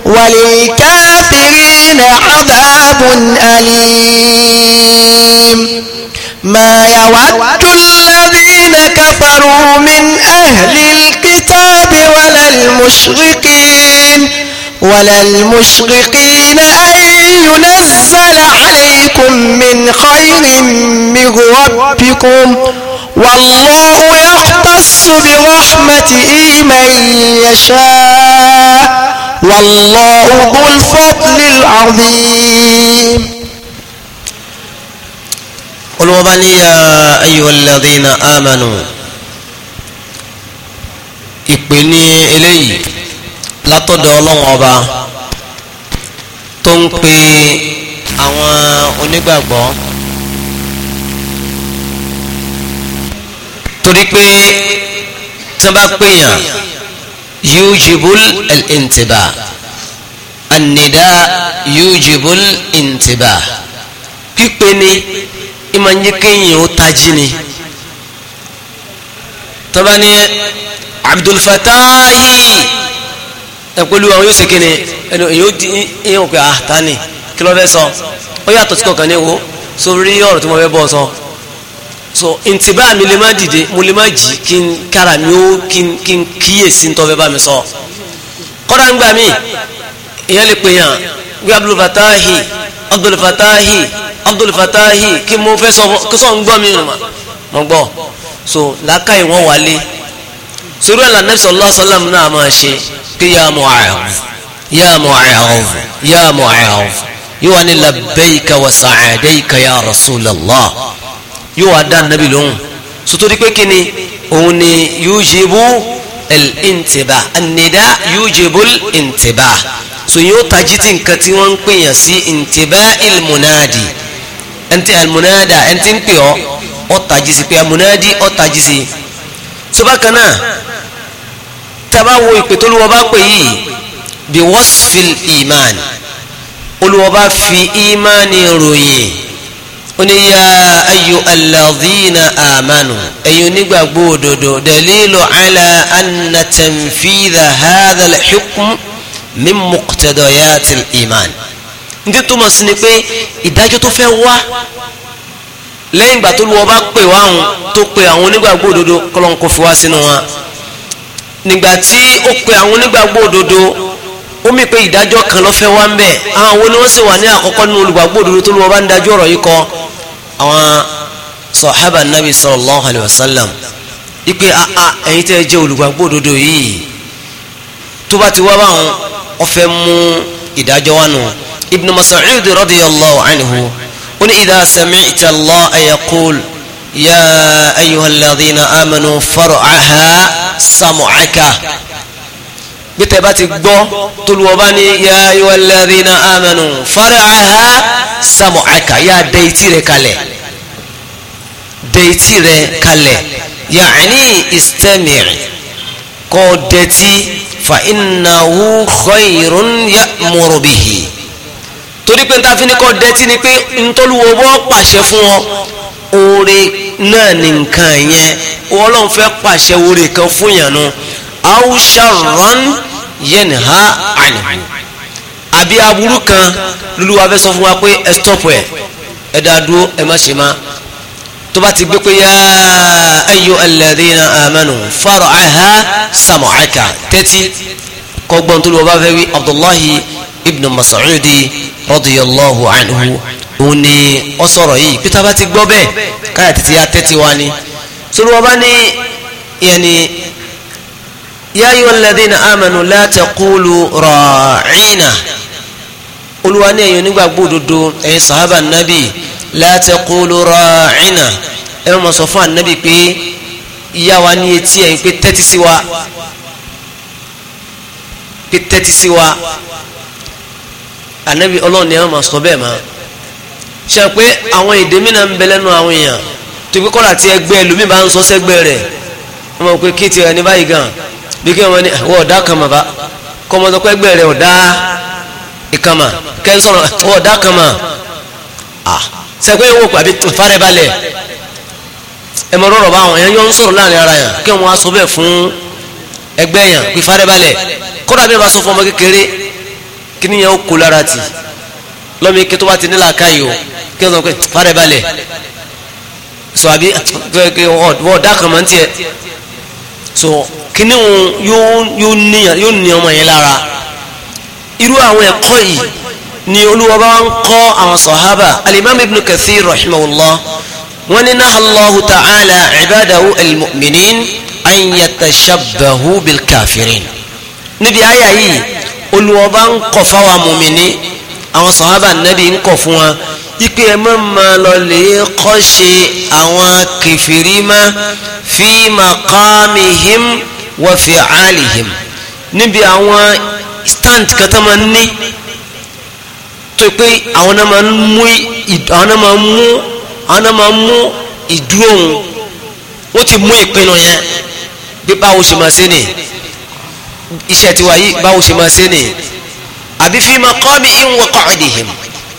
وللكافرين عذاب أليم ما يود الذين كفروا من أهل الكتاب ولا المشركين ولا المشركين أن ينزل عليكم من خير من ربكم والله برحمته من يشاء والله ذو الفضل العظيم قل وبني يا أيها الذين آمنوا ìpèní eléyìí látọ̀dọ̀ ọlọ́run ọba tó ń pe àwọn onígbàgbọ́ torí pé tí wọ́n bá pèèyàn yujibul intiba anida yujibul intiba pípe ni ìmọ̀ ó tají ni tí wọ́n bá ní Abdul Fatahi ẹ̀pẹ́lú àwọn yóò ṣe kí ni ẹnu èyí ó di ìyẹn òkè àtàní kí ló fẹ́ sọ ó yàtọ̀ sí kọ̀ọ̀kan ní wo sórí ọ̀rọ̀ tí mo fẹ́ bọ́ sọ. So so ntìbá mi lè má dìde mo lè má jì kí n kára mi ó kí n kí n kíyèsí ntọ́ fẹ́ bá mi sọ kọ́dà ń gbà mí ìyẹn lè pè yàn bí Abdul Fatahi Abdul Fatahi Abdul Fatahi kí mo fẹ́ sọ kí sọ ń gbọ́ mi rìn mọ́ gbọ́ so làákàyè wọn wálé sori ala nabi sallallahu alaihi wa sallam náà máa ṣe kí yá Mu'adh yá Mu'adh yá Mu'adh yíwa ni labbaika wa sa'adaika ya Rasulallah yóò wá dá nàbì lóhùn sotori pé kíni òun ni yujibu al-intiba an-nida yujibu al-intiba so yóò tajiti nǹkan tí wọ́n ń pè yàn sí intiba ilmunadi ẹntì almunada ẹntì ń pè ọ́ ọ́ tajisi pé almunadi ọ́ tajisi sobakana taba wo ìpè tó lówó bá pè yìí bi wasfil iman olùwọ́ bá fi imani ròyìn oníyà ayò alàdínà àmánu ẹ̀yin onígbàgbọ́ òdodo dalilu ala anna tanfidha hadha al-hukm min muqtadayat al-iman nítorí tó mọ̀ sí ni pé ìdájọ́ tó fẹ́ wá lẹ́yìn ìgbà tó lu ọba pè wá àwọn tó pe àwọn onígbàgbọ́ òdodo kọ́lọ́n fi wá sínú wọn nígbà tí ó pe àwọn onígbàgbọ́ òdodo ó mi pé ìdájọ́ kan ló fẹ́ wá ń bẹ̀ àwọn wo ni wọ́n sì wà ní àkọ́kọ́ nínú olùgbàgbọ́ òdodo tó ní wọ́n bá ń dájọ́ ọ̀rọ̀ yìí kọ àwọn sọ̀hábà nàbì sallallahu alayhi wa sallam ipe aa ah, ah, ẹ̀yin tẹ́ ẹ jẹ́ olùgbàgbọ́ òdodo yìí tó bá ti wá báwọn ó fẹ́ mú ìdájọ́ wa nù ibn Mas'ud radiyallahu anhu ó ní idha sami'ta Allah yaqul ya ayyuhalladhina amanu far'aha sam'aka bí tẹ́ bá ti gbọ́ tolúwọ́bá ní ya ayyuhal ladhina amanu far'aha sam'aka yá dẹ etí rẹ̀ kalẹ̀ dẹ etí rẹ̀ kalẹ̀ ya'ni istami' kọ́ dẹ́tí fa innahu khayrun ya'muru bihi torí pé níta fi ní kọ́ dẹ́tí ni pé ntọ́lúwọ́ bọ́ pàṣẹ fún ọ oore náà ní nǹkan yẹn Ọlọ́run fẹ́ pàṣẹ oore kan fún yàn nu aw sharran yanha anhu àbí aburú kan lulú wa fẹ́ sọ fún wa pé ẹ stọ́pù ẹ ẹ dáa dúró ẹ má ṣe má tó bá ti gbé pé yá ayyuha alladhina amanu far'aha sam'aka tẹ́tí kọgbọ́n tó lù wọ́n fẹ́ wí abdullahi ibn mas'udi radiyallahu anhu òun ni ọ sọ̀rọ̀ yìí pété bá ti gbọ́ bẹ́ẹ̀ káyà títí ya tẹ́tí wa ni tó lù wọ́n ní yẹn يا أيها الذين آمنوا لا تقولوا راعينا قلوا أن ينبع بودو أي صحابة النبي لا تقولوا راعينا ẹ̀rọ mọ̀ sọ fún ànábì pé ìyá wa ní etí ẹ̀yìn pé tẹ́tí sí wa pé tẹ́tí sí wa ànábì ọlọ́run ni ẹ̀rọ mọ̀ sọ bẹ́ẹ̀ máa ṣe pé àwọn èdè mìíràn ń bẹ lẹ́nu àwọn èèyàn tó pé kọ́lá tí ẹgbẹ́ ẹlòmíì bá ń sọ sẹ́gbẹ́ rẹ̀ wọ́n pé kí tiẹ̀ ní báyìí gan-an bí kí wọn ní ẹwọ ọdá kan mà bá kọmọdé pẹ gbẹrẹ ọdá ìkàmà kẹ ń sọ̀rọ̀ ẹwọ ọdá kan mà à sẹpẹ ìwọ pàbí fàrẹ balẹ̀ ẹ mọ rọrọ báwọn ẹyàn yọ ń sọ̀rọ̀ láàrin ara yàn kí wọn aṣọ bẹ́ẹ̀ fún ẹgbẹ́ yàn pé fàrẹ balẹ̀ kódà bí wọn bá sọ fún ọmọ kékeré kí ni yẹn ó kó lára tì lọ́mọ ike tó bá ti nílà ká yìí o kí wọn sọ pé fàrẹ balẹ̀ sọ àbí ọdá kan mà ń tiẹ̀ so kíní òun yóò ní ọmọ yẹn lára irú àwọn ẹ̀kọ́ yìí ni olúwa bá ń kọ́ àwọn sọ̀hábà alimami ibn kathir rahimahullah wọ́n ní náà allahu ta'ala ibadahu almu'minin an yatashabbahu bil kafirin níbi àyà yìí olúwa bá ń kọ́ fáwọn mùmíní àwọn sọ̀hábà nàbí ń kọ́ fún wa ipe ẹ mọ́ máa lọ lè kọ́ ṣe àwọn kẹfìrí mọ́ fi maqamihim wa fi alihim níbi àwọn stand kan tó máa ń ní tó pé àwọn náà máa ń mú àwọn náà máa ń mú àwọn náà máa ń mú ìdúró òun ó ti mú ìpinnu yẹn bí báwo ṣe máa ṣe nì iṣẹ́ tiwa yìí báwo ṣe máa ṣe nì àbí fi maqamihim wa qa'dihim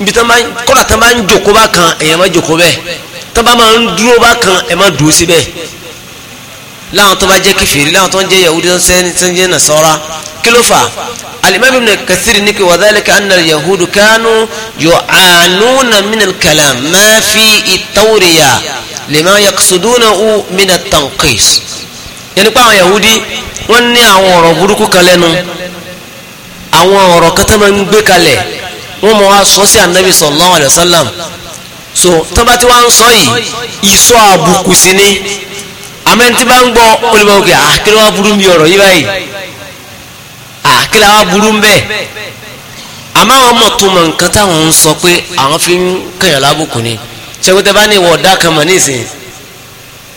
ibi tó máa ń kọ́ra tó máa ń jòkó bá kan èèyàn máa jòkó bẹ́ẹ̀ tó bá máa ń dúró bá kan ẹ̀ máa dúró síbẹ̀ láwọn tó bá jẹ́ kèfèrí láwọn tó ń jẹ́ yahudi tó ń sẹ́ni tó ń jẹ́ nasara kí ló fà alimami ibn kathir ní kí wa dhalika anna yahudu kanu yu'anuna min al-kalam ma fi at-tawriya lima yaqsudunahu min at-tanqis yẹni pé àwọn yahudi wọ́n ní àwọn ọ̀rọ̀ burúkú kan lẹ́nu àwọn ọ̀rọ̀ kan ń gbé kalẹ̀ wọ́n mọ̀ wá sọ sí anabi sallallahu alayhi wa sallam so tó bá ti wá sọ yìí ìsọ àbùkù ni àmẹ́ntí bá ń gbọ́ olùmọ̀ òkè àkílá wa burú ń bí ọ̀rọ̀ yí báyìí àkílá ah, wa burú ń bẹ́ẹ̀ àmọ́ àwọn ọmọ nǹkan táwọn ń sọ pé àwọn fi ń kẹ̀yàn lábùkù ni ṣẹ́gbẹ́tẹ́ bá ní ìwọ ọ̀dà kan mọ̀ nísìnyí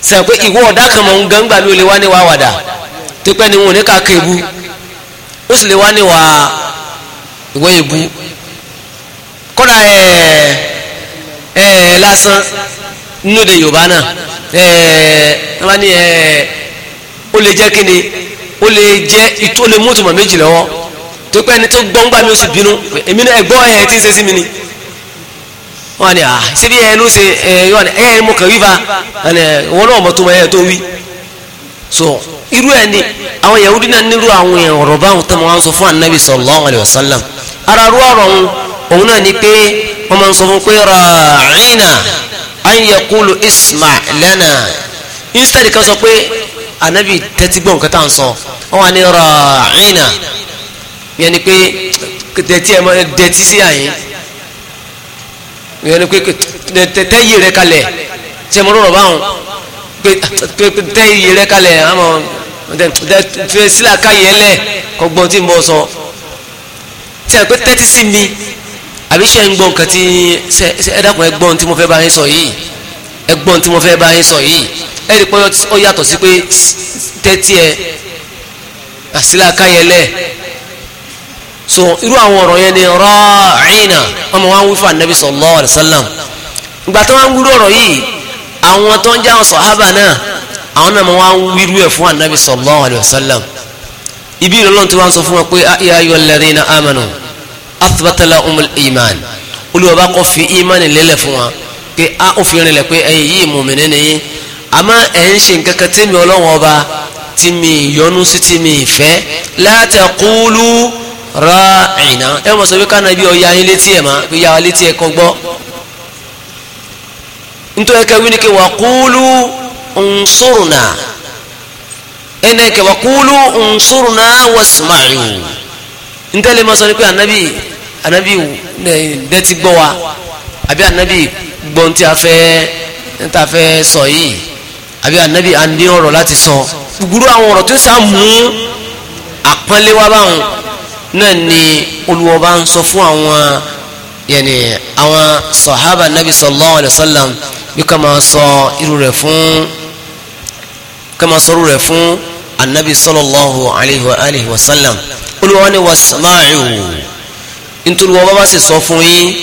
sẹ́yìn pé ìwọ ọ̀dà kan mọ̀ ń gangba ló lè wá ní wàá wàdà tó ni wọn ò ní ká kébu ó sì lè wá ní wàá ìwọ ìbu kọ́ra ẹ̀ẹ́ ẹ̀ẹ́ lásán nínú èdè yorùbá náà ẹ̀ẹ́ tọ́ba ní ẹ̀ẹ́ ó lè jẹ́ kíni ó lè jẹ́ ìtó lè mú ìtumọ̀ méjì lọ́wọ́ tó pẹ́ ẹni tó gbọ́ngbà mi ó sì bínú èmi náà ẹ̀gbọ́n ẹ̀ tí ń ṣe sí mi ni wọ́n ni ah síbi ẹnu ṣe ẹ̀yọ́ ni ẹ̀yẹ́ mo kàn wíba wọn náà mọ̀ tó mọ̀ ẹ̀yẹ́ tó wí so irú ẹ̀ ni àwọn yahudi náà nírú àwọn èèyàn ọ̀rọ̀ báwọn tó máa ń sọ fún anabi sallallahu alayhi wa sallam ara rú ọ̀rọ̀ òun náà ni pé wọ́n máa ń sọ fún pé ra'ina ayẹkulu isma lana instead kan sọ pé anabi tẹ́tí gbọ́n nǹkan tá à ń sọ wọn wà ní ra'ina yẹn ni pé dẹ̀tí ẹ̀ mọ́ dẹ̀tí sí àyín yẹn ni pé tẹ́tẹ́ yìí rẹ kalẹ̀ tí ẹ mọ́ lọ́rọ̀ báwọn tẹ́tẹ́ yìí rẹ kalẹ̀ àmọ́ tẹ́tẹ́ sílá káyẹ̀ lẹ̀ kọ́gbọ́n tí mo sọ tí pé tẹ́tí sí mi àbí ṣe ń gbọ́ nǹkan tí ẹ dákun ẹ gbọ́n tí mo fẹ́ bá yín sọ yìí ẹ gbọ́n tí mo fẹ́ bá yín sọ yìí ẹ rí i pé ó yàtọ̀ sí pé tẹ́tí ẹ àsìlá káyẹlẹ so irú àwọn ọ̀rọ̀ yẹn ni ra'ina ọmọ wa ń wí fún anabi sallallahu alayhi wa sallam ìgbà tó wá ń wúrú ọ̀rọ̀ yìí àwọn tó ń já àwọn sọ̀hábà náà àwọn náà wá ń wírú ẹ̀ fún anabi sallallahu alayhi wa ibi ìrọ̀lọ́n tó wá ń sọ fún wọn pé ya ayyuhalladhina amanu atubatala umul iman olùwà bá kọ́ fi iman lélẹ̀ fún wa pé a ó fi rinlẹ̀ pé ẹ̀yin yìí mùmínì nìyí àmọ́ ẹ̀ ń ṣe nǹkan kan tẹ́mi ọlọ́wọ́n ọba tí mi yọnu sí tí mi fẹ́ látẹ̀kúlù ra ẹ̀yìnà ẹ mọ̀ sọ pé kánà bí ọya yín létí ẹ̀ máa ya wa létí ẹ̀ kọ́ gbọ́ nítorí ẹ̀ka wí kí wà kúlù ńsúrùnà ẹnì kẹwà kúlù ńsúrùnà wọ́sùmáàrù ntẹ́lẹ̀ mọ̀ sọ pé ànábì anabi dẹ́tí gbọ́ wa àbí anabi gbọ́n tí a fẹ́ níta fẹ́ sọ yìí àbí anabi a ní ọ̀rọ̀ láti sọ gbogbo àwọn ọ̀rọ̀ tó sá mú àpọ́nlé wa báwọn náà ni Olúwa bá ń sọ fún àwọn yẹni àwọn sọ̀hábà anabi sallallahu alayhi wa sallam bí ká máa sọ irú rẹ̀ fún ká máa sọ irú rẹ̀ fún anabi sallallahu alayhi wa sallam Olúwa ni wàsíláàyò nítorí wọn bá bá sì sọ fún yín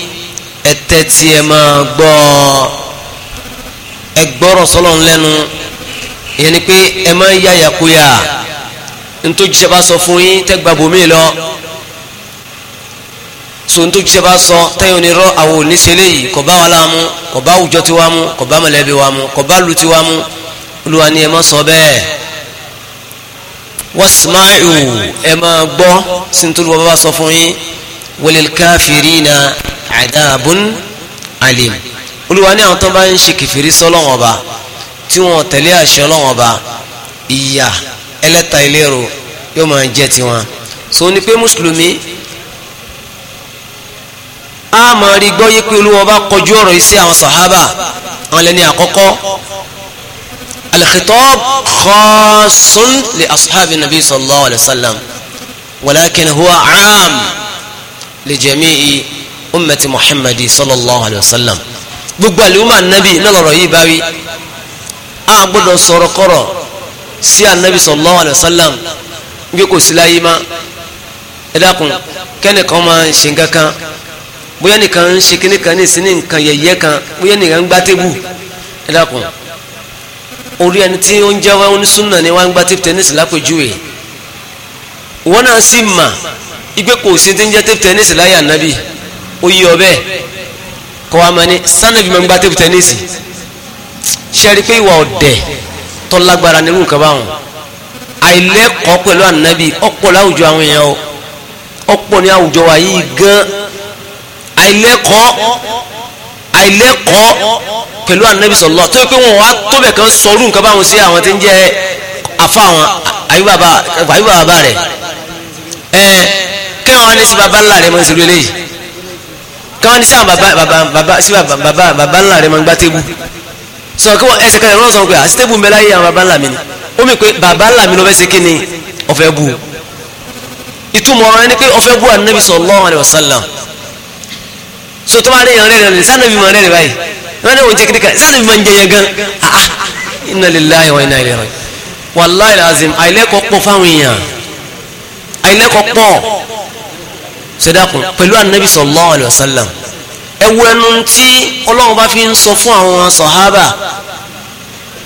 ẹ tẹ́tí ẹ máa gbọ́ ẹ gbọ́rọ̀ sọ́lọ́n lẹ́nu ìyẹn ni pé ẹ máa ń yáyà kúyà ntójúṣe bá sọ fún yín tẹ́gbà bòmí lọ so ntójúṣe bá sọ tẹ́yìn onírọ́ àwọn oníṣẹ́lẹ̀ yìí kò bá wa la mu kò bá àwùjọ ti wa mu kò bá mọ̀lẹ́bí wa mu lu ti wa mu olúwa ni ẹ má sọ bẹ́ẹ̀ wasma'u ẹ máa gbọ́ sí nítorí wọn bá sọ fún yín. وللكافرين عذاب adabun alim olùwà ní àwọn tó bá ń ṣe kìfìrí sọ́lọ́wọ́n ọba tí wọ́n tẹ̀lé àṣẹ ọlọ́wọ́n ọba ìyà ẹlẹ́ta ìlérò yóò máa jẹ́ tiwọn so ni pé mùsùlùmí a máa rí gbọ́ yí pé olúwa bá kọjú ọ̀rọ̀ yìí sí àwọn sàhábà àwọn lẹ́ni àkọ́kọ́ al khasun li ashabi nabi sallallahu alayhi wa sallam walakin huwa aam lijami'i ummati muhammadi sallallahu alayhi wa sallam gbogbo àlùmọ́ anabi náà lọ́rọ̀ yìí bá wí a gbọ́dọ̀ sọ̀rọ̀ kọ̀rọ̀ sí anabi sallallahu alayhi wa sallam bí kò sí láyé má ẹ dákun kẹ́nìkan máa ń ṣe nǹkan kan bóyá nìkan ń ṣe kíní kan ní ìsinmi nǹkan yẹ̀yẹ́ kan bóyá nìkan ń gbá tébù orí ẹni tí ó ń jẹ́ wá onísùnà ni wá ń gbá tébù tẹ́nísì lápèjúwe wọ́n náà sì mà ipe kò sí ti ń jẹ́ tẹ́pù tẹ́nísì láyé ànábì ó yí ọbẹ̀ wa máa ní sanabi máa ń gba tẹ́pù tẹ́nísì ṣe rí pé ìwà ọ̀dẹ̀ tó lágbára nínú nǹkan báwọn àìlẹ́kọ̀ọ́ pẹ̀lú ànábì ọ̀pọ̀ láwùjọ àwọn èèyàn o ọ̀pọ̀ ní àwùjọ wa yìí gan àìlẹ́kọ̀ọ́ àìlẹ́kọ̀ọ́ pẹ̀lú ànábì sọ̀lọ́ tó yẹ pé wọn wá tóbẹ̀ kan sọrú nǹkan báwọn sí àwọn tí ń jẹ́ afá àwọn àyíbàbà rẹ̀ ẹ̀ káwọn ní sí baba ńlá rẹ mọ ìṣòro eléyìí káwọn ní sí àwọn baba baba sí baba baba ńlá rẹ mọ gbá tébù sọ kí wọn ẹsẹ kẹrẹ lọ́nà sọ pé àti tébù ń bẹ láyé àwọn baba ńlá mi ni ó mi pé baba ńlá mi ló fẹ́ ṣe kí ni ọ̀fẹ́ bù ìtumọ̀ ọ̀rọ̀ ẹni pé ọ̀fẹ́ bù ànábì sallallahu alaihi wasallam so tó bá rí ìrìn rẹ̀ sànàbí mọ̀ rẹ̀ báyìí wọ́n ní òun ti kíríkà sànàbí mọ̀ ń jẹyẹ gan ah inna lillahi wa inna ilayhi raji'un wallahi alazim àìlẹ́kọ̀ọ́ pọ̀ fáwọn èèyàn àìlẹ́kọ̀ọ́ pọ̀ sọdọ́kùn pẹ̀lú anabi sallallahu alayhi wa sallam ẹwọ ẹnu tí ọlọ́run bá fi ń sọ fún àwọn sọ̀hábà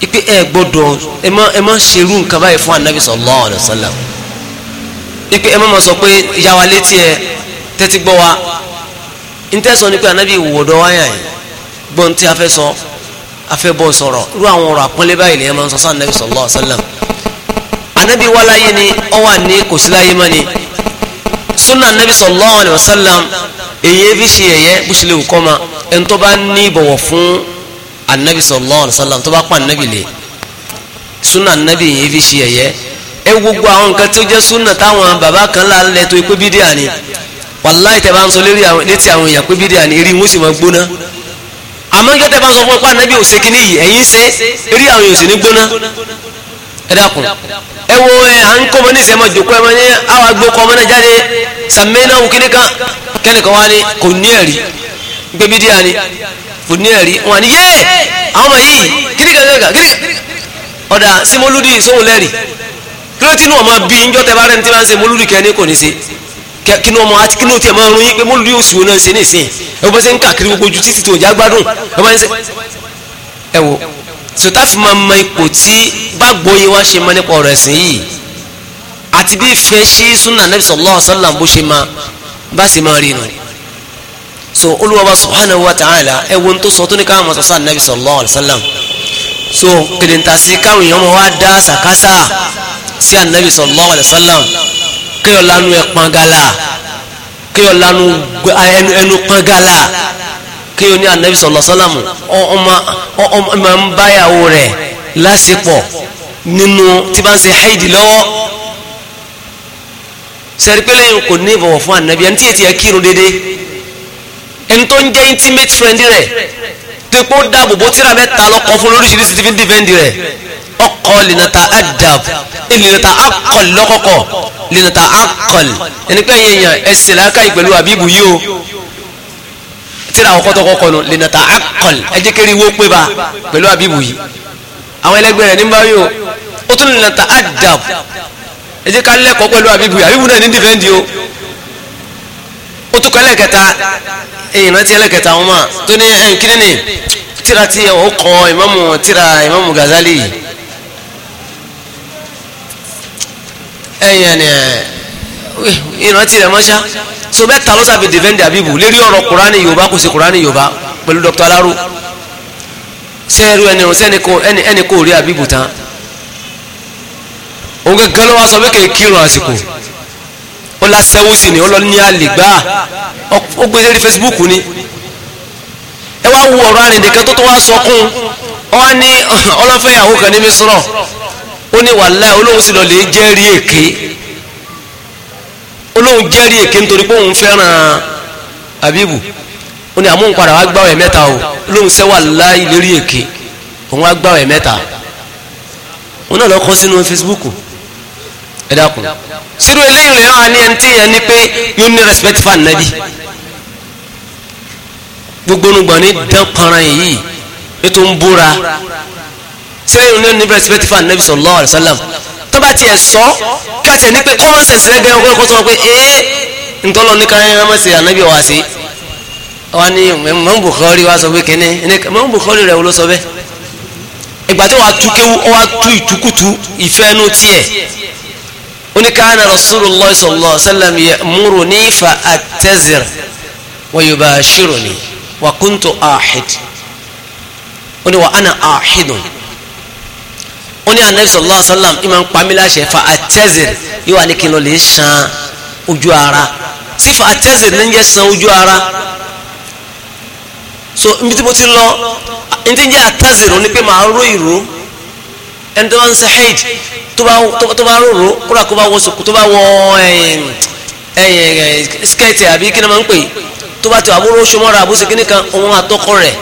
ipe ẹ gbọ́dọ̀ ẹ má ṣerú nǹkan báyìí fún anabi sallallahu alayhi wa sallam ipe ẹ má ma sọ pé yà wá létí ẹ tẹ́tí gbọ́ wa ntẹ́sọ̀ ni pé anabi wọ̀dọ̀ wáyà yìí gbọ́n tí a fẹ́ sọ a fẹ́ bọ́ sọ̀rọ̀ irú àwọn ọ̀rọ̀ àpọ́nlé báyìí lèyàn máa ń sọ sí anabi sallallahu alayhi wa sallam anabi wàláyé súnà nabi sallallahu alayhi wa sallam èyí fi ṣe ẹ̀yẹ bó ṣe lè wù kọ́ ma ẹni tó bá ní ìbọ̀wọ̀ fún anabi sallallahu alayhi wa sallam tó bá pa anabi lè súnà nabi èyí fi ṣe ẹ̀yẹ ẹ gbogbo àwọn nǹkan tó jẹ́ súnà táwọn bàbá kan là ń lẹ tó pé bídíà ni wàláì tẹ bá ń sọ létí àwọn èèyàn pé bídíà ni eré wọn sì máa gbóná àmọ́ nígbà tẹ bá ń sọ anabi ò ṣe kíní yìí ẹ̀yin ṣe eré àwọn èèyàn sì ní gbóná ẹ dákun ẹ wo ẹ à ń kọ́ ọmọ níṣẹ́ mọ́ jòkó ẹ mọ́ ní àwọn agbókọ́ ọmọ sàmẹ́nà òkìníkà kẹ́nìkan wá ní kò ní ẹ̀rí gbé mídíà ni kò ní ẹ̀rí wọn ni yé àwọn ọmọ e yìí kíníkà kíníkà kíníkà ọ̀dà sí mọ́lúdì sóhun lẹ́rì kí ló tinú ọmọ bíi ńjọ́ tẹ bá rẹ́ni tí wọ́n ń ṣe mọ́lúdì kẹ́ni kò ní ṣe kínú ọmọ àti kínú tiẹ̀ máa ń rún yín pé mọ́lúdì oṣù náà ṣe ní ìsìn ẹ bọ́ sí ń kàkiri gbogbo ojú títí tó ń gbádùn ẹ àti bí ìfẹ́ sí sunna nabi sallallahu alaihi wa sallam bó ṣe máa bá ṣe máa rí nù so olùwàbà subhanahu wa ta'ala ẹ wo tó sọ tó ní káwọn sọ sàn nabi sallallahu alaihi so kìdìntàsí káwọn èèyàn wọn wá dá sàkásà sí anabi sallallahu alaihi kéèyàn lanu ẹ pangala kéèyàn lanu ẹnu pangala kéèyàn ní anabi sallallahu alaihi ọmọ ọmọ ń báyàwó rẹ lásìpọ̀ nínú tí bá ń ṣe haidi lọ́wọ́ sẹ́rípẹ́lẹ́ yìí kò ní ìbọ̀wọ̀ fún ànábì ẹni tí ètì ẹ kírun dédé ẹni tó ń jẹ́ intimate friend rẹ̀ tó kó dáàbò bó tíra mẹ́ta lọ́kọ̀ fún lóríṣiríṣi ti fi ń dìfẹ́ǹdì rẹ̀ ọkọ̀ lìnàta adab lìnàta akọ̀l lọ́kọ̀kọ̀ lìnàta akọ̀l ẹni pé yẹn yàn ẹsẹ̀ láàkà ìpẹ̀lú àbíbù yìí o tíra ọkọ̀ tó kọ̀kọ̀ nù lìnàta akọ̀l ẹjẹ́ kéré wó pé ba pẹ̀lú àbíbù yìí àwọn ẹlẹgbẹ́ rẹ̀ nígbà yìí o ó tún lìnàta adab ẹ jẹ́ ká lẹ́kọ̀ọ́ pẹ̀lú àbíbù àbíbù náà ní dìfẹ́ǹdì o ó tún kọ́ ẹlẹ́kẹta èyàn náà ti ẹlẹ́kẹta wọn máa tó ní ẹ̀yìn kíní ni tíra tí ó kọ ìmámù tíra ìmámù Gazali ẹ̀yìn ẹ̀ni ìran tí rẹ̀ mọ́ṣá so mẹ́ta ló sàfi dìfẹ́ǹdì àbíbù lérí ọ̀rọ̀ kùránì yorùbá kò sí kùránì yorùbá pẹ̀lú dr alaro sẹ́ẹ̀rù ẹni ẹni kò rí àbíbù tán òun gẹ́gẹ́ ló wá sọ pé kì í kírun àsìkò ó lásẹ́wó sì ni ó lọ ní àlè gbá ó gbé lórí Facebook ni ẹ wá wo ọ̀rọ̀ arìndìkan tó tó wá sọ kún ọ wá ní ọlọ́fẹ́yàwó kan ní Mísírà ó ní wàláhì olóhùn sì lọ lè jẹ́rìí èké olóhùn jẹ́rìí èké nítorí pé òun fẹ́ràn Àbíbù ó ní àmúhùnpadà wá gbáwẹ̀ mẹ́ta o olóhùn sẹ́wà láì lérí èké òun wá gbáwẹ̀ mẹ́ta òun náà lọ kọ́ sínú Facebook ẹ dákun sírò eléyìí lè wà ní ẹni tí yẹn ni pé yóò ní respect fa nàbí gbogbo onugbọ̀n ní dẹ́kọ̀ọ́ran yìí ètò ń búra sírò yóò ní respect fa nàbí sallallahu alaihi wasallam tó bá tiẹ̀ sọ ká tiẹ̀ ní pé common sense lẹ́gbẹ̀ẹ́ ọkọ̀ ẹ̀kọ́ tó wọ́n pé ee ntọ́lọ ní kan ẹ̀rọ mọ̀sẹ̀ ànábì wá sí wa ni mọ̀ ń Bukhari wá sọ pé kíní mọ̀ ń Bukhari rẹ̀ wọ́n ló sọ bẹ́ẹ̀ ìgbà tí wàá tú kéwú ọ wá tú ìfẹ́ ẹnu tiẹ̀ oníkàánà rasulullah sallallahu alayhi wa sallam ya'muruni fa atazir wa yubashiruni wa kuntu ahid ó ní wa ana ahidun ó ní anabi sallallahu alayhi wa sallam ìmọ̀ nkpamiláṣẹ fa atazir yóò wà ní kí san ojú ara sí fa atazir ní ń jẹ́ san ojú ara so nbí tí mo ti lọ ntí ń jẹ́ atazir ó ní pé màá ró ẹni tó bá ń ṣe hajj tó bá rò rò kódà kó bá wọ sòkò tó bá wọ skẹ́ẹ̀tì àbí kí ni wọ́n máa ń pè tó bá ti àbúrò ṣomọ́ra àbúṣe kí ni kan òun àtọkọ rẹ̀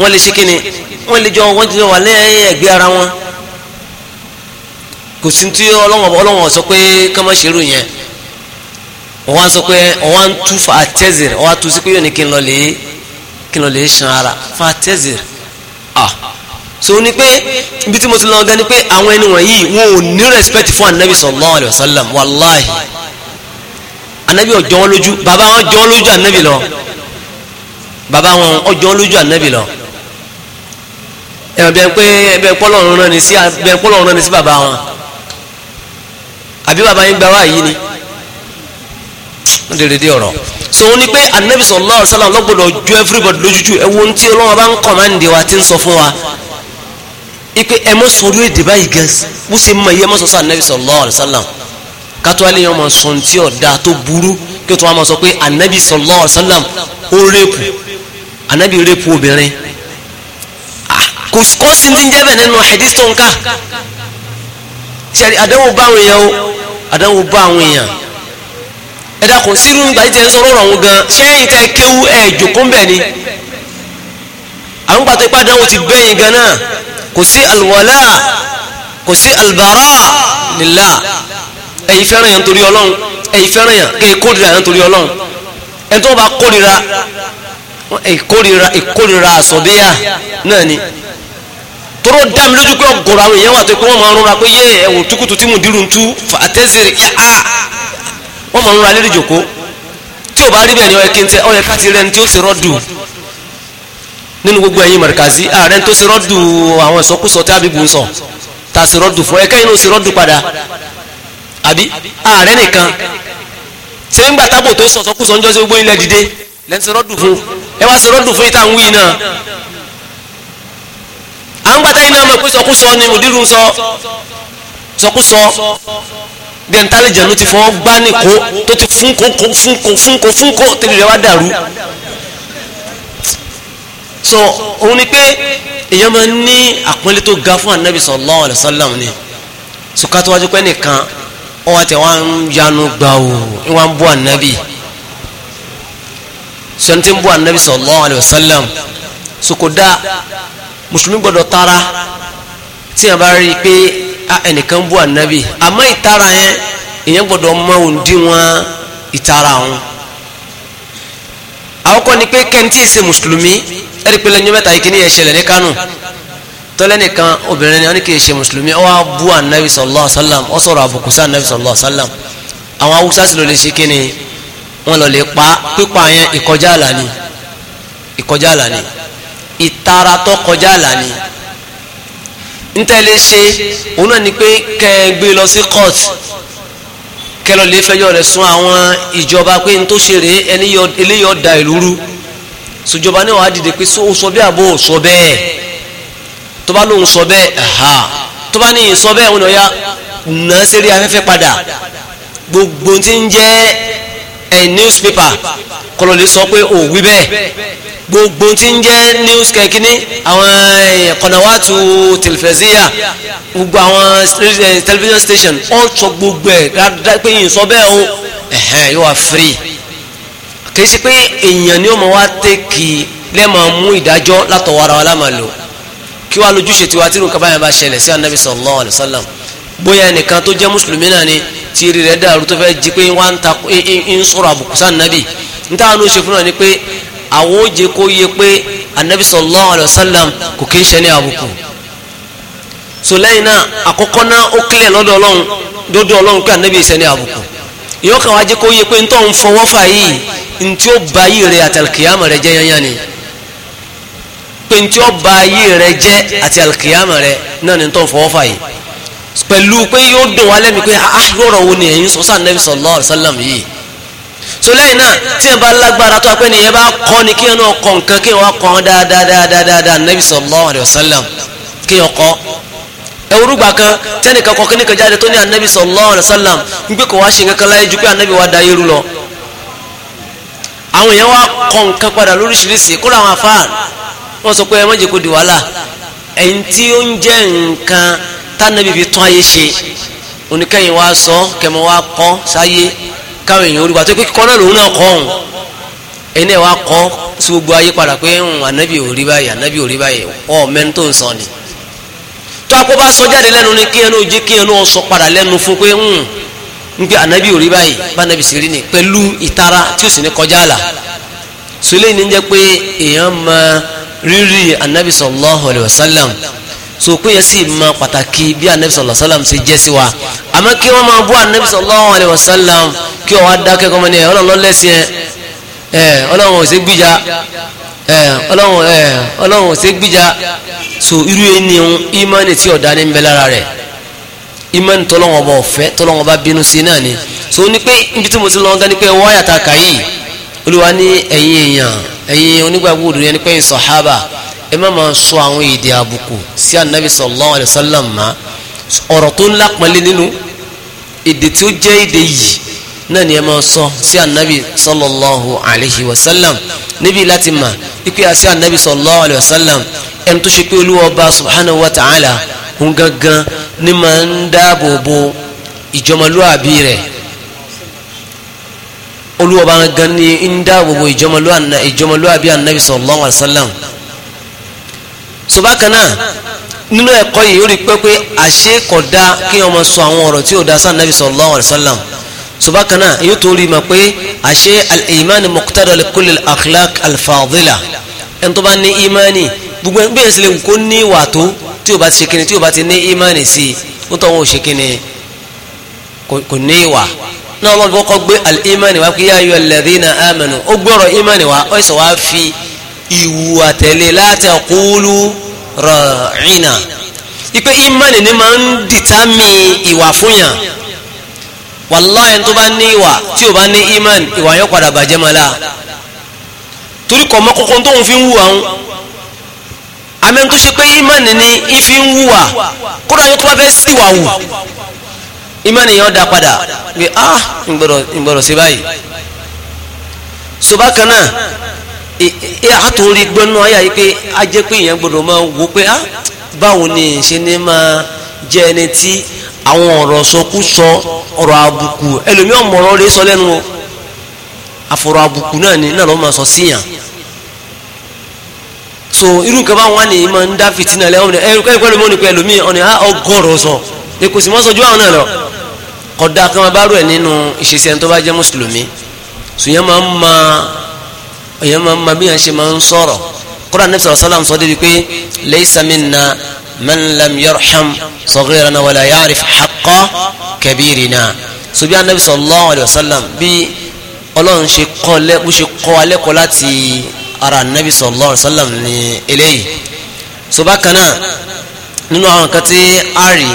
wọ́n lè ṣe kí ni wọ́n lè jọ wọ́n ti wà lẹ́yìn ẹ̀gbẹ́ ara wọn kò sí tí ọlọ́wọ̀n ọlọ́wọ̀n sọ pé kí wọ́n ṣe irú yẹn wọ́n sọ pé wọ́n tú fa àtẹ́zìrì wọ́n pé yóò ní kí n lọ lè kí n lọ lè ṣan ara fa so ni pé ibi tí mo ti lọ́ọ́ gan ni pé àwọn ẹni wọ̀nyí wọn ò ní respect fún anabi sallallahu alayhi wa sallam wàláhi anabi ọjọ́ wọn lójú bàbá wọn jọ lójú anabi lọ baba wọn ọjọ́ lójú anabi lọ ẹ̀rọ bẹ́ẹ̀ pé ẹ̀bẹ̀ pọ́lọ́run rán ni sí ẹ̀bẹ̀ pọ́lọ́run rán ni sí baba wọn àbí bàbá yín gba wá yìí ni wọ́n lè rédí ọ̀rọ̀ so ní pé anabi sallallahu alayhi wa sallam lọ́gbọ̀dọ̀ ju everybody lójújú ẹ̀wọ̀n tí ọlọ́wọ́ bá ń kọ̀ máa ń de wa ti ń sọ fún wa ipe ẹ mọ sọ̀rọ̀ èdè báyìí gan bó ṣe mọ iye mọ sọsọ anabi sallallahu alaihi wasallam kátó alẹ yẹn mọ sọ tí ọdá tó burú kí o tó wà mọ sọ pé anabi sallallahu alaihi wasallam ó rẹpù anabi rẹpù obìnrin ah, kò sí ti ń jẹ́ bẹ́ẹ̀ nínú hadith tó ń ká sẹ́ni àdánwò bá àwọn èèyàn o àdánwò bá àwọn èèyàn ẹ dákun sínú ìgbà yìí tẹ́ ń sọ̀rọ̀ ọ̀hún gan ṣé ẹ̀yin tẹ́ kéwú ẹ̀ jòkó ń bẹ̀ ni àwọn pàtó ipá àdánwò ti bẹ́yìn gan náà kò sí alwala kò sí albara lillah ẹ̀yin fẹ́ràn yẹn torí ọlọ́run ẹ̀yin fẹ́ràn yẹn kẹ́ ẹ kórìíra yẹn torí ọlọ́run ẹni tó bá kórìíra ìkórìíra ìkórìíra àsọ̀bíyà náà ni tóró dá mi lójú pé ọ̀gọ̀rọ̀ àwọn èèyàn wà tó pé wọ́n máa ń rọra pé yé ẹ̀wọ̀n tukutu tí mo dirun tú fàtẹ́sẹ̀rẹ̀ yá á máa ń rọra lérí jòkó tí ò bá rí bẹ́ẹ̀ ni ọ̀yẹ́ kí n tẹ ọ̀yẹ́ ká ti rẹ́ni tí ó sì rọ́dù nínú gbogbo ẹ̀yin mọ̀rẹ̀kàzí ààrẹ tó sì rọ́dù àwọn ìsọkúsọ tí abibu ń sọ ta sì rọ́dù fún ẹkẹ́ inú sì rọ́dù padà àbí ààrẹ nìkan ṣé ń gbà tábò tó sọ sọkúsọ ń jọ sí gbogbo ilẹ̀ dìde lẹ́nu sì rọ́dù fún ẹ wá sì rọ́dù fún ìta ń wí náà à ń gbàtà yìí náà mọ̀ pé sọkúsọ ni mùdírù sọ sọkúsọ dẹ̀ntálẹ̀jẹ̀ ló ti fọ́ gbá nìkó tó ti fúnkó fúnkó fúnkó fúnkó tẹ̀lé wá dàrú so òun ni pé èèyàn máa ní àpọ́nlé tó ga fún anabi sallallahu alayhi wa sallam ni sùkátó wájú pé nìkan ó wá tẹ wá ń yanu gbà o ń wá anabi sọyìn tí ń bú anabi sallallahu alayhi wa sallam sùkúdà mùsùlùmí gbọdọ̀ tara tí a bá rí i pé ẹnìkan bú anabi àmọ́ ìtara yẹn èèyàn gbọdọ̀ mọ òǹdíwọ̀n ìtara ọ̀hún àwọn kọ́ ni pé kẹ́ntì ṣe mùsùlùmí ẹ̀rí pé lẹ́yìn mẹ́ta yìí kí ni yẹn ṣẹlẹ̀ ní Kánò tọ́lẹ́nìkan obìnrin ni wọ́n ní kí n ṣe mùsùlùmí ó wá bú ànábì sallallahu alaihi wasallam ó sọ̀rọ̀ àbùkù sí ànábì sallallahu alaihi wasallam àwọn haúsá sì ló lè ṣe kí ni wọ́n lọ lè pa pípa yẹn ìkọjá àlà ni ìkọjá àlà ni ìtara tó kọjá àlà ni ntẹ́lẹ̀ ṣe òun náà ni pé kẹ́ ẹ gbé lọ sí court kẹ́ lọ lè fẹjọ́ rẹ̀ sùn àwọn ìjọba pé n tó ṣe rèé ẹni eléyọ̀ da ìlú rú sojọba ní wàá dìde pé ó sọ bẹ́ẹ̀ àbó sọ bẹ́ẹ̀ tó bá lóun sọ ha tó bá ní sọ bẹ́ẹ̀ òun ọ̀ya nà á sẹ́rí afẹ́fẹ́ padà gbogbo tí ń jẹ́ ẹ̀ newspaper kọlọ̀lẹ́ sọ pé ò wí bẹ́ẹ̀ gbogbo tí ń jẹ́ news kẹ́kíní àwọn kọ̀nàwátù tẹlifẹ̀síyà gbogbo àwọn television station ọ̀ sọ gbogbo ẹ̀ pé yìí sọ bẹ́ẹ̀ o ẹ̀hẹ́n yóò wá free kìí ṣe pé èèyàn ni ó mọ̀ wá tẹ́kì lẹ́mọ̀ mú ìdájọ́ látọwọ́ ara wa lámàlò kí wàá lójúṣe tiwa tí nǹkan báyìí bá ṣẹlẹ̀ sí anabi sallallahu alayhi wa sallam bóyá ẹnìkan tó jẹ́ mùsùlùmí náà ni tí eré rẹ̀ dàrú tó fẹ́ jí pé wá ń ta ń sọ̀rọ̀ àbùkù sí anabi níta àwọn oṣù fún wa ni pé àwọn oje kó yẹ pé anabi sallallahu alayhi wa sallam kò kí ń ṣe ní àbùkù so lẹ́yìn náà àkọ́kọ́ náà ó kílẹ̀ lọ́dọ̀ ọlọ́run lọ́dọ̀ ọlọ́run pé anabi ṣe ní àbùkù yóò kàn wá jẹ́ kó yẹ pé ń tọ́ ń fọwọ́ fà yìí ń tí ó ba ayé rẹ àti alkiyama rẹ jẹ́ yányá ni pé ń tí ó ba ayé rẹ jẹ́ àti alkiyama rẹ náà ni ń tọ́ ń fọwọ́ fà yìí pẹ̀lú pé yóò dùn wá lẹ́nu pé ahọ́rọ̀ ah, wo ni ẹ̀yin sọ sáà nẹ́bí sallallahu alaihi wasallam yìí so lẹ́yìn náà tí ẹ bá lágbára tó apẹ́ nìyẹn bá kọ́ ni kí ẹ náà nǹkan kí ẹ wá kọ́ dáadáa nẹ́bí sallallahu ẹwúrúgba kan tẹnìkan kọ kíníkan jáde tó ní anabi sallallahu alaihi wasallam ń gbé kò wá ṣe kankan láyé ju pé anabi wa da irú lọ àwọn èèyàn wa kọ nǹkan padà lóríṣiríṣi kó làwọn afáàn wọn sọ pé ẹ má jẹ́ kó di wàhálà ẹ̀yìn tí ó ń jẹ́ nǹkan tánàbí fi tún ayé ṣe oníkẹyìn wa sọ kẹmọ wa kọ sáyé káwọn èèyàn olùgbà tó pé kíkọ náà lòun náà kọ òun ẹni ẹ wa kọ sí gbogbo ayé padà pé anabi hmm, tó a kó bá sọ jáde lẹ́nu ni kí ẹnu ò jẹ́ kí ẹnu sọ padà lẹ́nu fún pé ń ń gbé anabi ò rí báyìí bá anabi sì rí ni pẹ̀lú ìtara tí ó sì ní kọjá àlà sọlẹ́ ní jẹ́ pé èèyàn mọ rírì anabi sallallahu alayhi wa sallam so pé yẹn sì mọ pàtàkì bí anabi sallallahu alayhi wa sallam ṣe jẹ́ sí wa àmọ́ kí wọ́n máa bú anabi sallallahu alayhi wa sallam kí wọ́n wá dákẹ́ kọ́mọ́ni ẹ̀ ọlọ́run lọ́lẹ́sìn ẹ̀ ọlọ́run ò gbìjà Eh, ọlọ́run eh, ọlọ́run ṣe gbìjà so irú ẹni lára rẹ̀ ìmánì tọ́lọ́wọ́n bá ọ̀fẹ́ tọ́lọ́wọ́n bá bínú sí náà ni so ní pé ibi mo ti lọ́ọ́ gani pé wáyà ta kà yìí olúwa ní ẹ̀yin èèyàn ẹ̀yin onígbàgbọ́ òdòdó yẹn ní pé sọ̀hábà ẹ má máa sọ àwọn èdè àbùkù sí anabi sallallahu alayhi wa ma ọ̀rọ̀ tó ńlá náà ni ẹ máa sọ sí anabi sallallahu alayhi wa sallam níbi láti mà ipe àti anabi sallallahu alayhi wa sallam ẹni tó ṣe pé olúwa ọba subhanahu wa ta'ala òun gangan ni máa ń dáàbò bo ìjọmọlúwàbí rẹ̀ olúwa ọba gangan ni ń dáàbò bo ìjọmọlúwàbí anabi sallallahu alayhi wa sallam sobakana nínú ẹ̀kọ́ yìí ó rí pé pé àṣẹ kódà kí wọ́n sọ àwọn ọ̀rọ̀ tí ò dá sáà nàbì sallallahu alaihi wasallam ṣùgbọ́n kan náà yóò tó rí ma pé àṣẹ al-imani muqtada li kulli al-akhlaq al-fadila ẹni tó bá ní imani gbogbo ẹgbẹ́ yẹn sì lè kó ní wàtó tí o bá ti ṣe tí o bá ti ní imani sí i ó wọn ò ṣe kíni kò ní ìwà náà wọn kọ́kọ́ gbé al-imani wa kí yá ayọ̀ alladhina amanu ó gbọ́rọ̀ imani wa ó sì wá fi ìwù àtẹ̀lé la taqulu ra'ina ipe imani ni máa ń dìtámì ìwà fún yàn wàláhì tó bá ní ìwà tí ò bá ní iman ìwà yóò padà bàjẹ́ máa la torí kọ̀ mọ́ kókó tóun fi ń wù àwọn amẹ́ tó ṣe pé iman ni ìfi ń wù wà kódà yóò tó bá fẹ́ sí wà wù iman yẹn ó da padà pé ah ń gbọ́dọ̀ ṣe báyìí ṣùgbọ́n kan náà àtòrí gbọ́nú ayé yìí pé a jẹ́ pé èèyàn gbọ́dọ̀ máa wò pé ah báwo ni ṣe ni máa jẹ́ ẹni tí àwọn ọ̀rọ̀ sọkúsọ ọ̀rọ̀ àbùkù ẹlòmí ọmọ ọ̀rọ̀ rẹ sọ lẹ́nu o àfọ̀rọ̀ àbùkù náà ni náà ló máa sọ síyàn so irú nǹkan bá wọn ni máa ń dá fìtínà lẹ́wọ̀n ẹ̀rù kẹ́rù kẹ́rù mọ́ni pé ẹlòmí ọ̀nà ọgọ́rọ̀ sọ èkó sì mọ́ sọjú àwọn náà lọ kódà kan máa bá rú ẹ̀ nínú ìṣesí ẹni tó bá jẹ́ mùsùlùmí sùnyẹn máa ń ma èèyàn máa ń ma من لم يرحم صغيرنا ولا يعرف حق كبيرنا سبحان النبي صلى الله عليه وسلم bí Ọlọ́run ṣe kọ́ lẹ́ bó ṣe kọ́ wa lẹ́kọ̀ọ́ láti ara nabi sallallahu alayhi wa sallam ni eléyìí so bákan náà nínú àwọn kan tí a rí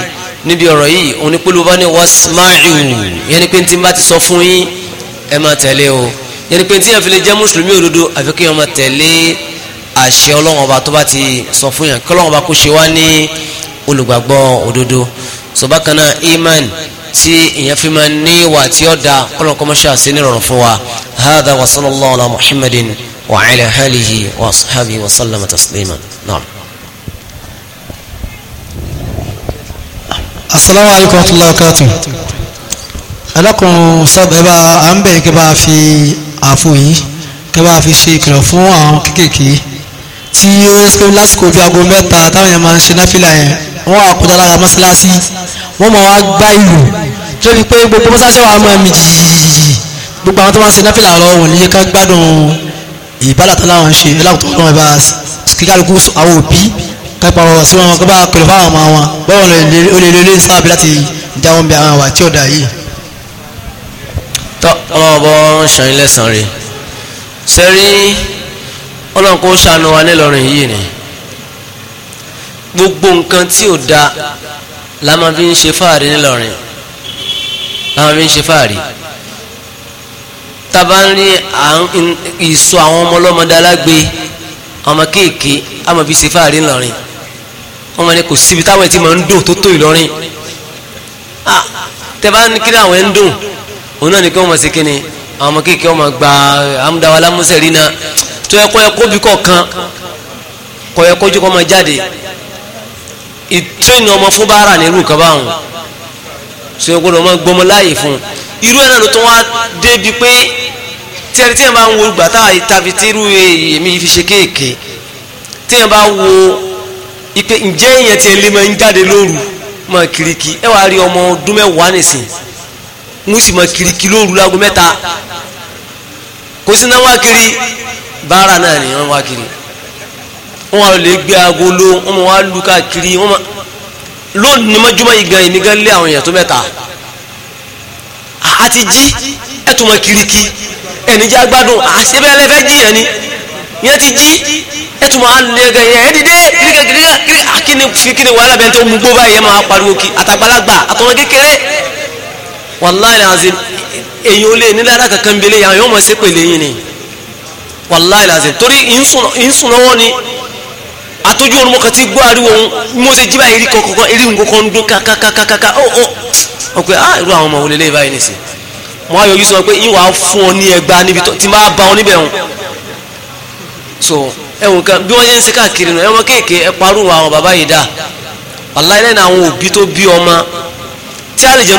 níbi ọ̀rọ̀ yìí onípolówó bá ní wasma'u yẹn ni pé tí n bá ti sọ fún yín ẹ máa tẹ̀lé o yẹn ni pé tí yẹn fi lè jẹ́ mùsùlùmí òdodo àfi kí yẹn máa tẹ̀lé àṣẹ ọlọ́run ọba tó bá ti sọ fún yàn kí ọlọ́run ọba kó ṣe wá ní olùgbàgbọ́ òdodo sọ̀bákanná iman tí èèyàn fi máa ní ìwà tí ó da ọlọ́run kọ́mọ́ṣẹ́ àṣẹ nírọ̀rùn fún wa hadha wa sallallahu ala muhammadin wa ala alihi wa ashabihi wa sallama taslima naam. asalaamu alaykum wa rahmatulahi wa barakatuh alákùnrin sábà à ń bẹ̀rẹ̀ kí bá fi àfọ̀ kí bá fi ṣe ìkìlọ̀ fún àwọn kéékèèké tí ó yẹ pé lásìkò bíi aago mẹ́ta táwọn yẹn máa ń ṣe náfìlà yẹn wọ́n wà kọjá lára mọ́ṣáláṣí wọ́n máa wá gbá ìlú tó di pé gbogbo mọ́ṣáláṣí wa máa mì jìjìjì gbogbo àwọn tó máa ń ṣe náfìlà lọ wọ̀n níye ká gbádùn ìbálàtà láwọn ṣe ẹlẹ́kùn tó wọn kíkálukú àwọn òbí kápá wọn sí wọn kó bá pèlú fáwọn ọmọ wọn báwọn ọlọ́run kò ṣàánú wa nílọrin yìí ni gbogbo nǹkan tí ò da la máa fi ń ṣe fáàrí nílọrin la máa fi ń ṣe fáàrí taba ń rí ìsọ àwọn ọmọ ọlọ́mọdé alágbe ọmọ kéèké a máa fi ṣe fáàrí nílọrin wọ́n máa ní kò síbi táwọn ẹtì máa ń dùn tó tó ìlọrin tẹ́bá ní kí àwọn ẹ̀ ń dùn òun náà ní kí wọ́n máa ṣe kí ni àwọn ọmọ kéèké wọ́n máa gba amúdáwá lámúṣẹ́rí náà. tó yẹ kọ́ yẹ kó bí kọ̀ọ̀kan kọ́ kó jókòó ọmọ fún ní irú kan báwọn tó yẹ kó gbọmọ láàyè fún irú ẹ̀ náà ló tó wá débi pé tí ẹni tí ń wo gbàtà ìtàbí tí irú èmi fi ṣe kéèké wo ipe ǹjẹ́ èèyàn ń jáde lóru kiriki ẹ rí ọmọ ọdún mẹ́wàá báárà náà ni wọ́n wá kiri wọ́n wá lè gbé agolo wọ́n wá lu káàkiri wọ́n ma lóòdù ní mọ́júmọ́ yìí gan ìní gan lé àwọn èèyàn tó mẹ́ta àti jí ẹ̀tùmọ̀ kiriki ẹ̀nìjà gbádùn àṣebẹ́ lẹ́fẹ́ jìyàn ni yẹn ti jí ẹ̀tùmọ̀ alẹ́gẹ̀ yẹn ẹ̀ dìde kíríkà kíni fi kíni wàhálà bẹ́ẹ̀ tó mú gbóbá yẹn máa pariwo kí àtàgbàlagbà àtọmọ kékeré wàláhì àzìm èyí ó lé nílẹ̀ alákàkàn bẹ́lẹ̀ yàrá yóò mọ̀ sí yìí ni wàláì làzẹ̀ torí ìsùn lọ́wọ́ ni àtọ́jú ọ̀run mọ̀kàn tí gbọ́ ariwo òun mo ṣe jí báyìí rí kọ̀ọ̀kan eré nǹkan kan dún kàkàkàkàkà ó ó ó pé ah irú àwọn ọmọ wọlé lẹ́yìn báyìí nìsín mo á yọjú sọ pé ìwà fún ọ ní ẹgbàá níbi tó ti máa ba ọ níbẹ̀ hùn so ẹwọn kan bí wọ́n yẹn ń ṣe káàkiri nù ẹwọn kéèké ẹ parú àwọn bàbá yìí dá wàláì lẹ́nu àwọn òbí tó bí ọmọ tí àlejò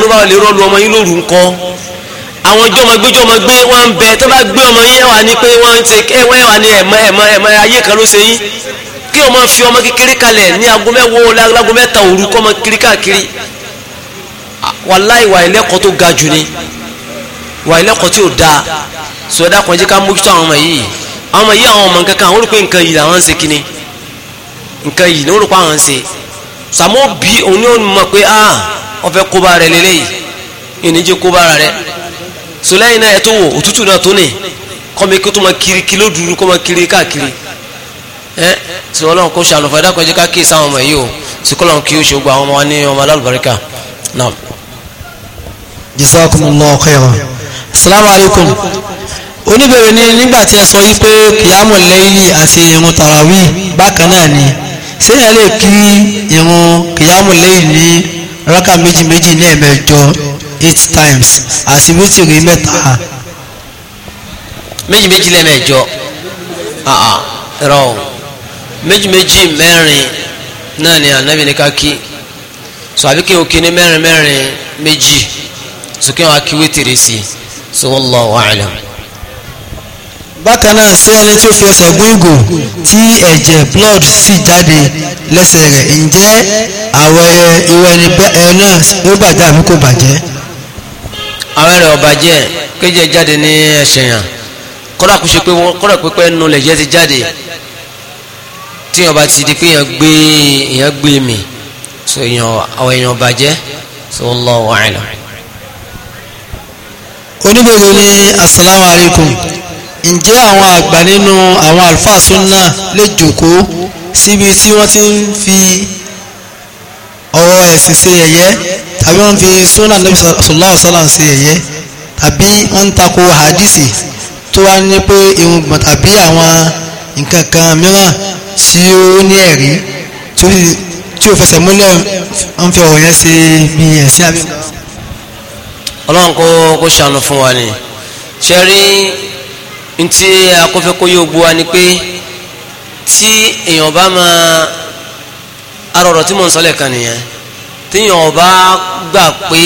àwọn jọmọgbé jọmọgbé wọn ń bẹ tó bá gbé ọmọ yín ẹwà ní pé wọn ń ṣe ẹwà ní ẹmọ ẹmọ ẹmọ ayé kan ló ṣe yín kí ọmọ fi ọmọ kékeré kalẹ̀ ní aago mẹ́wọ́ láago mẹ́ta òru kọ́ ọmọ kiri káàkiri wàláì wà ilẹ́kọ̀ọ́ tó ga jù ni wà ilẹ́kọ̀ọ́ tí ò dáa sọ̀dá kan jẹ́ ká mójútó àwọn ọmọ yìí àwọn ọmọ yìí àwọn ọmọ nǹkan yìí làwọn ń ṣe nǹkan yìí so lẹ́yìn náà ẹ tó wò òtútù náà tó ní kọ́mi kó tó máa kiri kí ló dúró kó máa kiri káàkiri ẹ sọ ọlọ́run kó ṣàlùfà ẹ̀dá kan jẹ́ ká kí sáwọn ọmọ yìí o sì kọ́ lọ́run kí o ṣe gba àwọn ọmọ wa ní ọmọ alálùbáríkà náà. Jazakumullahu khairan assalamu alaikum oníbẹ̀rẹ̀ ni nígbà tí ẹ sọ yí pé kìyàmù lẹ́yìn àti irun tàràwí bákan náà ni séèyàn lè kí irun kìyàmù lẹ́yìn ní rákà méjì méjì ní ẹ̀mẹ́jọ eight times àti wítìrì mẹ́ta méjì méjì lẹ́ẹ̀mẹ́jọ ah, ah, rọ méjì méjì mẹ́rin náà ni ànábì ní ká kí so àbí kí n kí ní mẹ́rin mẹ́rin méjì so kí wọn kí wítìrì sí so wallahu a'lam bákan náà sí ẹni tí ó fi ẹsẹ̀ gún ìgò tí ẹ̀jẹ̀ blood sì jáde lẹ́sẹ̀ rẹ̀ ǹjẹ́ àwẹ̀ ìwẹ̀ ẹni náà ó bàjẹ́ àbí kò bàjẹ́ àwọn ẹ̀rẹ̀ ọ̀bàjẹ́ kéjẹ jáde ní ẹ̀ṣẹ̀ yàn kọ́dà kó ṣe pé kọ́dà pípẹ́ nu lẹ̀ jẹ́ ti jáde tí èèyàn ti di pé èèyàn gbé èèyàn gbé mi so èèyàn àwọn èèyàn ọ̀bàjẹ́ so wallahu a'lam. oníbòrò ní asalaamu alaykum ǹjẹ́ àwọn àgbà nínú àwọn àlùfáà súnà lè jókòó síbi tí wọ́n ti ń fi ọ̀rọ̀ ẹ̀sìn ṣe yẹ̀yẹ́ àbí wọ́n fi sunna nabi sallallahu alaihi wasallam ṣe ẹ̀yẹ àbí wọ́n ń tako hadisi tó wá ní pé irun gbọ̀n tàbí àwọn nǹkan kan mìíràn tí ó ní ẹ̀rí tí ó fẹsẹ̀ múlẹ̀ ń fi ọ̀rọ̀ yẹn ṣe bí ẹ̀sìn àbí. ọlọ́run kó kó ṣàánú fún wa ni ṣe rí ntí akọ́fẹ́kọ́ yóò bu wa ni pé tí èèyàn bá máa arọ̀rọ̀ tí mò ń sọ lẹ́ẹ̀kan nìyẹn tíyàn ọba gbà pé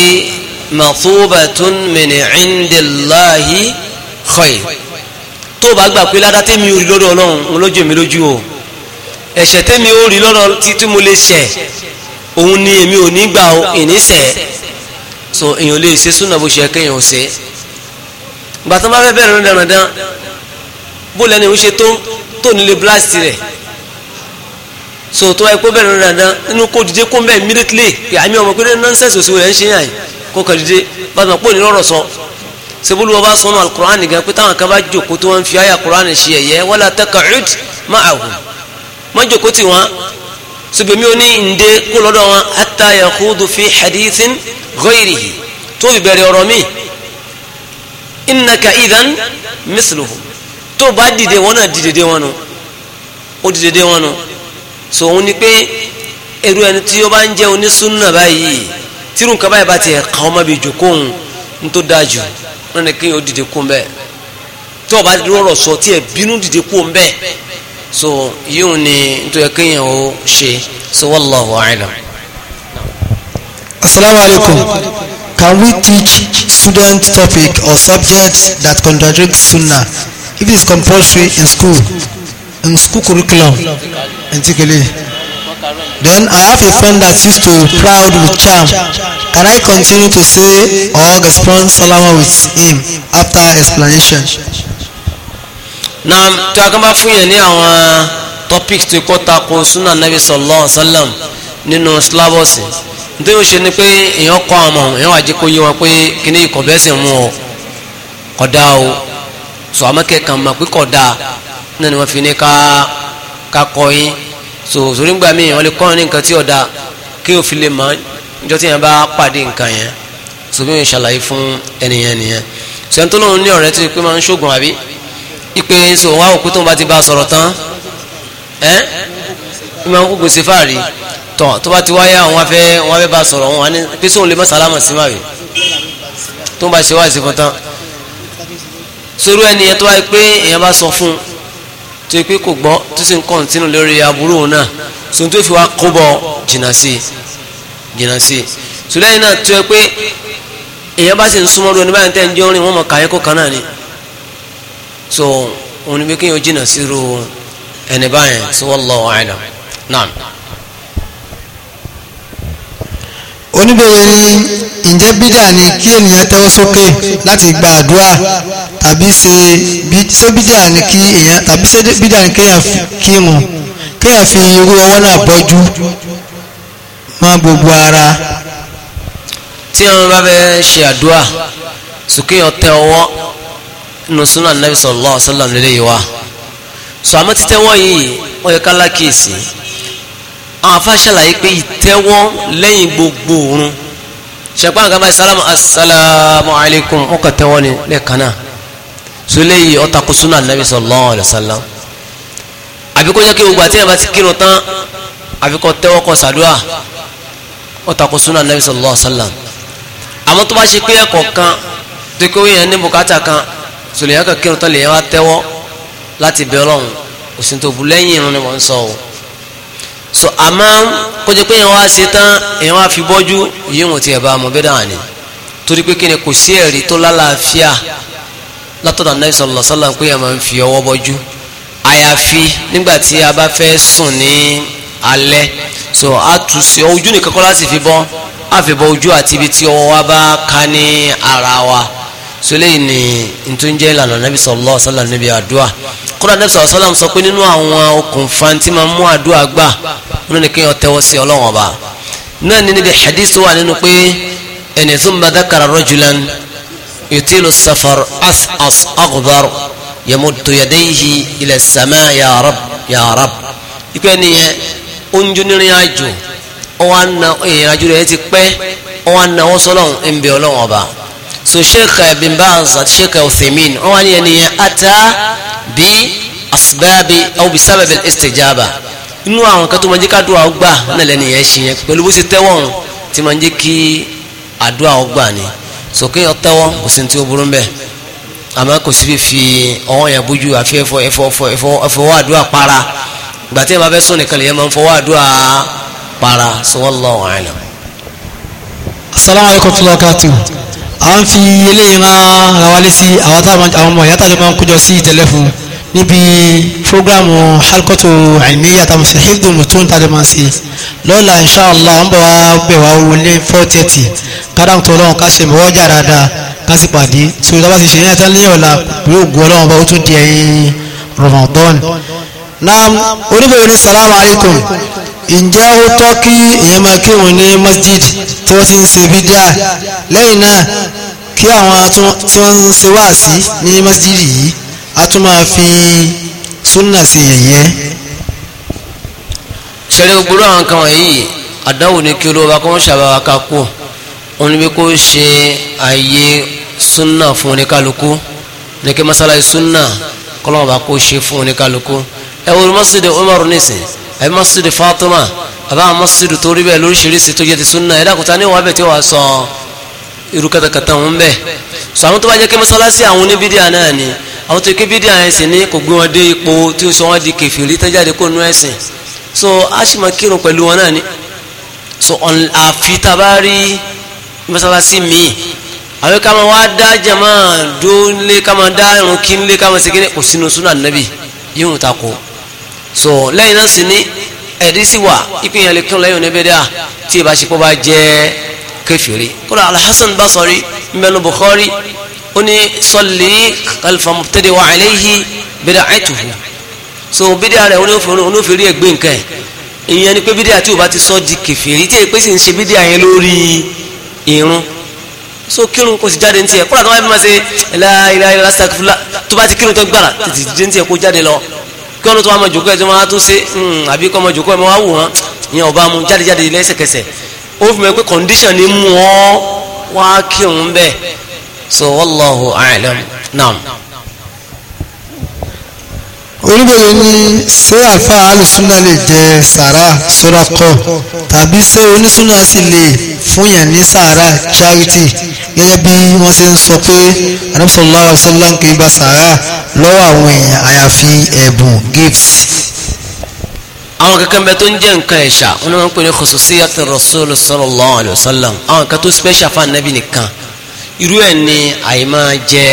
mathubatun min indillahi khair tó bá gbà pé ládá tẹ́mi ò rí lọ́dọ̀ ọlọ́run lójú mi lójú o ẹ̀ṣẹ̀ tẹ́mi ò lọ́dọ̀ títí mo lè ṣẹ̀ òun ni èmi ò ní gbà ìníṣẹ̀ so èèyàn lè ṣe súnà bó ṣe kéèyàn ṣe gbàtàn bá fẹ́ bẹ̀rẹ̀ rẹ̀ dandan bó lẹ́nu ìwé tó tó nílé blast rẹ̀ so tó wáyé kó bẹ̀rẹ̀ ní dandan inú kó dìde kó bẹ́ẹ̀ immediately pé àmì ọmọ pé nonsense òsì rẹ̀ ń ṣe yàn kó kàn dìde bá tàn pò ní lọ́rọ̀ sọ sebúlú wọn bá sọnù alukur'an gan pé táwọn kan bá jòkó tó wọn fi àyà kur'an ṣe ẹ̀yẹ wala taq'ud ma'ahum má jòkó tì wọn sùgbẹ́mí ó ní kó lọ́dọ̀ wọn hatta yakhudu fi hadithin ghayrihi tó ìbẹ̀rẹ̀ ọ̀rọ̀ mi innaka idhan misluhum tó bá dìde wọn náà dìde dé wọn nù ó dìde dé wọn nù so ni pé eru ẹni tí ó bá ń jẹ́ onísúnà báyìí tírun kan báyìí bá ti ẹ̀ka ọmọ bíi jòkóhùn ń tó dáa jù wọn ni kéèyàn ó dìde kó ń tí wọ́n bá dúró sọ tí bínú dìde kó ń so yíyún ni ń tó yẹ kéèyàn ó ṣe so wallahu a'lam. asalaamualeykum can we teach student topic or subject that contradict sunnah if it is compulsory in school in school curriculum ntikele then I have a friend that used to proud with charm can I continue to say or respond salama with him after explanation. na tí a kan bá fún yẹn ní àwọn topics tó kọ́ ta ko sunnah nabi sallallahu alayhi wa sallam nínú syllabus nítorí ó ṣe ni pé èèyàn kọ́ àwọn ọmọ èèyàn wàá jẹ́ kó yé wọn pé kíní ìkọ̀bẹ́sẹ̀ mú ọ kódà o sọ àmọ́ kẹ́kàn mọ̀ pé kódà náà ni wọ́n fi ní ká ká kọ́ yín so sórí gbà mi wọ́n lè kọ́ ní nǹkan tí ọ̀dà kí o fi lè mọ̀ níjọ́ tí yẹn bá pàdé nǹkan yẹn so bí wọ́n ṣàlàyé fún ẹnìyẹn nìyẹn so ẹni tó lóun ní ọ̀rẹ́ tó pé máa ń ṣoògùn àbí ipe so wá òkú tó ń bá ti bá a sọ̀rọ̀ tán ẹ́ ìmọ̀ àwọn kúkú sí fáàrí tọ̀ tó bá ti wáyé àwọn afẹ́ wọn afẹ́ bá a sọ̀rọ̀ wọn pé sóun lè mọ̀ sálámà sí tó yẹ pé kò gbọ́ tó sì ń kọ́ntínú lórí aburú òun náà so tó fi wá kó bọ̀ jìnnà sí jìnnà sí so lẹ́yìn náà tó yẹ pé èèyàn bá sì ń súnmọ́ lónìí báyìí tẹ́ ń jẹ́ orin wọn mọ̀ káyẹ́ kan náà ni so òun ni pé kí n yóò jìnnà sí irú ẹni báyìí so wallahu a'lam naam. oníbẹ̀rẹ̀ ni ǹjẹ́ bídà ni kí ènìyàn tẹ́wọ́ sókè láti gba àdúrà tàbí ṣe ṣé bídà ni kí èèyàn tàbí ṣé bídà ni kéèyàn kírun kéèyàn fi irú ọwọ́ náà bọ́jú mọ́ gbogbo ara. tí wọn bá fẹ́ ṣe àdúrà sókè yàn tẹ ọwọ́ nínú sunan nabi sallallahu alaihi wa sallam lélẹ́yìí wa sọ àmọ́ títẹ́wọ́ yìí wọ́n yẹ ká lákìsì àwọn afáṣàlàyé pé ìtẹ́wọ́ lẹ́yìn gbogbo òórùn ṣẹ̀pá nǹkan báyìí sálámù asálámù alaykum ó kàn tẹ́wọ́ ni lẹ́ẹ̀kan náà sólè yìí ó tako súnà nàbì sallallahu alaihi wasallam àbíkọ́ jẹ́ kí gbogbo àti ìyàbá ti kírun tán àbíkọ́ tẹ́wọ́ kọ́ sàdúrà ó tako súnà nàbì sallallahu alaihi wasallam àmọ́ tó bá ṣe pé ẹ̀kọ́ kan tó kí wọ́n yẹn ní bùkátà kan sólè yẹn kàn kírun tán lè yẹn wá tẹ́wọ́ láti bẹ ọlọ́run òsì so àmọ́ kó jẹ́ pé èèyàn wá ṣe tán èèyàn wá fi bọ́jú yìí wọn ti ẹ̀ bá mọ̀ bẹ́ẹ̀ dáhà ni torí pé kí ni kò sí ẹ̀rí tó lálàáfíà látọ̀dọ̀ Ànábì sallallahu alaihi pé èèyàn máa ń fi ọwọ́ bọ́jú àyàfi nígbà tí a bá fẹ́ sùn ní alẹ́ so a tù sí ojú nìkan kọ́ láti fi bọ́ a fi bọ́ ojú àti ibi tí ọwọ́ wa bá ká ní ara wa sọlẹ́ ni ntúnjẹ́ ìlànà nàbí sallallahu alaihi wasallam níbi àdúrà kódà nàbí sallallahu alaihi wasallam sọ pé nínú àwọn okùnfà tí máa mú àdúrà gbà wọn ni kéèyàn tẹ́wọ́ sí Ọlọ́run ọba náà ní níbi hadith wà nínú pé ẹni thumma dhakara rajulan yutilu as-safar as'as aghdar yamuddu yadayhi ila as-samaa ya rab ya rab ìpẹ́ nìyẹn oúnjẹ nírin àjò ọwọ́ àna ti pẹ́ ọwọ́ àna wọ́sọ́lọ́run ń bẹ Ọlọ́run ọba so sheikh uh, bin baz àti uh, sheikh uthaymin wọn wá ní ẹni yẹn ata bi asibabi aw bi sábàbí istijaba inú àwọn kan tó máa ń jẹ́ ká dùn àwọn gbà náà lẹ́nu yẹn ṣe yẹn pẹ̀lú bó ṣe tẹ́wọ̀n tí máa ń jẹ́ kí àdúrà àwọn gbà ni so kéèyàn tẹ́wọ̀n kò sí ní tí burú mbẹ́ àmọ́ kò sí fífi ọwọ́ yẹn bójú àfi ẹ̀fọ́ ẹ̀fọ́ ẹ̀fọ́ ẹ̀fọ́wọ́ àdúrà para ìgbà tí ẹ̀ máa fẹ́ sùn nìkan lè yẹn máa ń fọwọ́ àdúrà para so wallahu a'lam. assalamu alaikum warahmatullahi wabarakatuh à ń fi eléyìí rán ara wa létí àwọn táwọn àwọn ọmọ ìyá tàbí máa ń kójọ sí ìtẹ̀lẹ́ fún níbi fúrógíráàmù halkoto àìníyà tàbí sí hildum tún tàbí máa ń ṣe lọ́la inṣàlá ń bọ̀ wá bẹ̀ wá wọlé four thirty kádà tó lọ́wọ́ ká ṣe ìbọ̀wọ́ jà dáadáa ká sì pàdé so ìjọba ti ṣe ní ẹ̀tọ́ lé ọ̀la yóò gun ọlọ́wọ́n bá ó tún di ẹ̀yìn Ramadan. naam oníbẹ̀rẹ̀ salamu alaykum ǹjẹ́ ó tọ́ kí ìyẹn máa kírun ní masjid tí wọ́n ti ń ṣe bídíà lẹ́yìn náà kí àwọn tí wọ́n ń ṣe wáàsí ní masjid yìí a tún máa fi súnà ṣe yẹ̀yẹ́. ṣẹlẹ̀ gbogbo àwọn kan wọ̀nyí àdáwò ni kí olówó akọ́ ṣàbáwá ká kú òun ni bí kò ṣe àyè súnà fún oníkálukú ní kí masalasi súnà kọ́lọ́mọba kò ṣe fún oníkálukú ẹ wọ́n mọ́sídẹ̀ẹ́ Umar nísìnyí àbí masjid fatima àbá masjid tó rí bẹ́ẹ̀ lóríṣiríṣi tó jẹ́ ti sunna ẹ̀dá kúta ní wàá bẹ̀ tí wàá sọ irú katakata wọn bẹ́ẹ̀ sọ àwọn tó bá jẹ́ kí mọ́sálásí àwọn oníbídíà náà ni àwọn tó kí bídíà yẹn sì ní kò gbé wọn dé ipò tí ó sọ wọn di kẹfìrí tó jáde kó nu ẹ̀sìn so a sì máa kírun pẹ̀lú wọn náà ni so àfi tá a bá rí mọ́sálásí míì àwọn ká máa wá dá jàmáà dó lé ká nabi yíyún ta so lẹ́yìn náà sì ni ẹ̀rí sì wà ìpínyàn lè kírun lẹ́yìn oníbẹ̀dẹ́ à tí ìbá ṣe kó bá jẹ́ kẹfìrí kódà alhassan basori mbẹnu bukhari ó ní sọlí kalifa mubtadi wa alayhi bẹ̀rẹ̀ àìtùhù so bídíà rẹ̀ onífèrí ẹ̀gbẹ́ nǹkan ẹ̀ ìyẹn ni pé bídíà tí ò bá ti sọ di kẹfìrí tí èpè sì ń ṣe bídíà yẹn lórí irun so kírun kò sì jáde ní tiẹ̀ kódà tó bá fi máa ṣe la ilaha illa astaghfirullah tó kí wọn tó wà mọ jòkó ẹ tí wọn á tún ṣe hmm, àbí kọ́ mọ jòkó ẹ mọ wá wù wọn ìyẹn ọba mu jádejáde lẹ́sẹ̀kẹsẹ̀ ó fi mọ̀ pé condition ni mú ọ wá kírun bẹ́ẹ̀ so wallahu a'lam naam. No oníbẹ̀rẹ̀ ní ṣé àfa alùsúnà lè jẹ sàrà sọ́dọ̀kọ̀ tàbí ṣé onísúnà sì lè fúnyàn ní sàrà charity gẹ́gẹ́ bí wọ́n ṣe ń sọ pé anamsọ̀lá ọ̀sọ́lá ń sàrà lọ́wọ́ àwọn èèyàn àyàfi ẹ̀bùn gifts. àwọn kankan bẹ tó ń jẹ nǹkan ẹ̀ṣà wọn máa ń pè ní khususiyatu rasul sallallahu alayhi wa sallam àwọn kan tó special fún anabi nìkan irú ẹ̀ ni àyè máa jẹ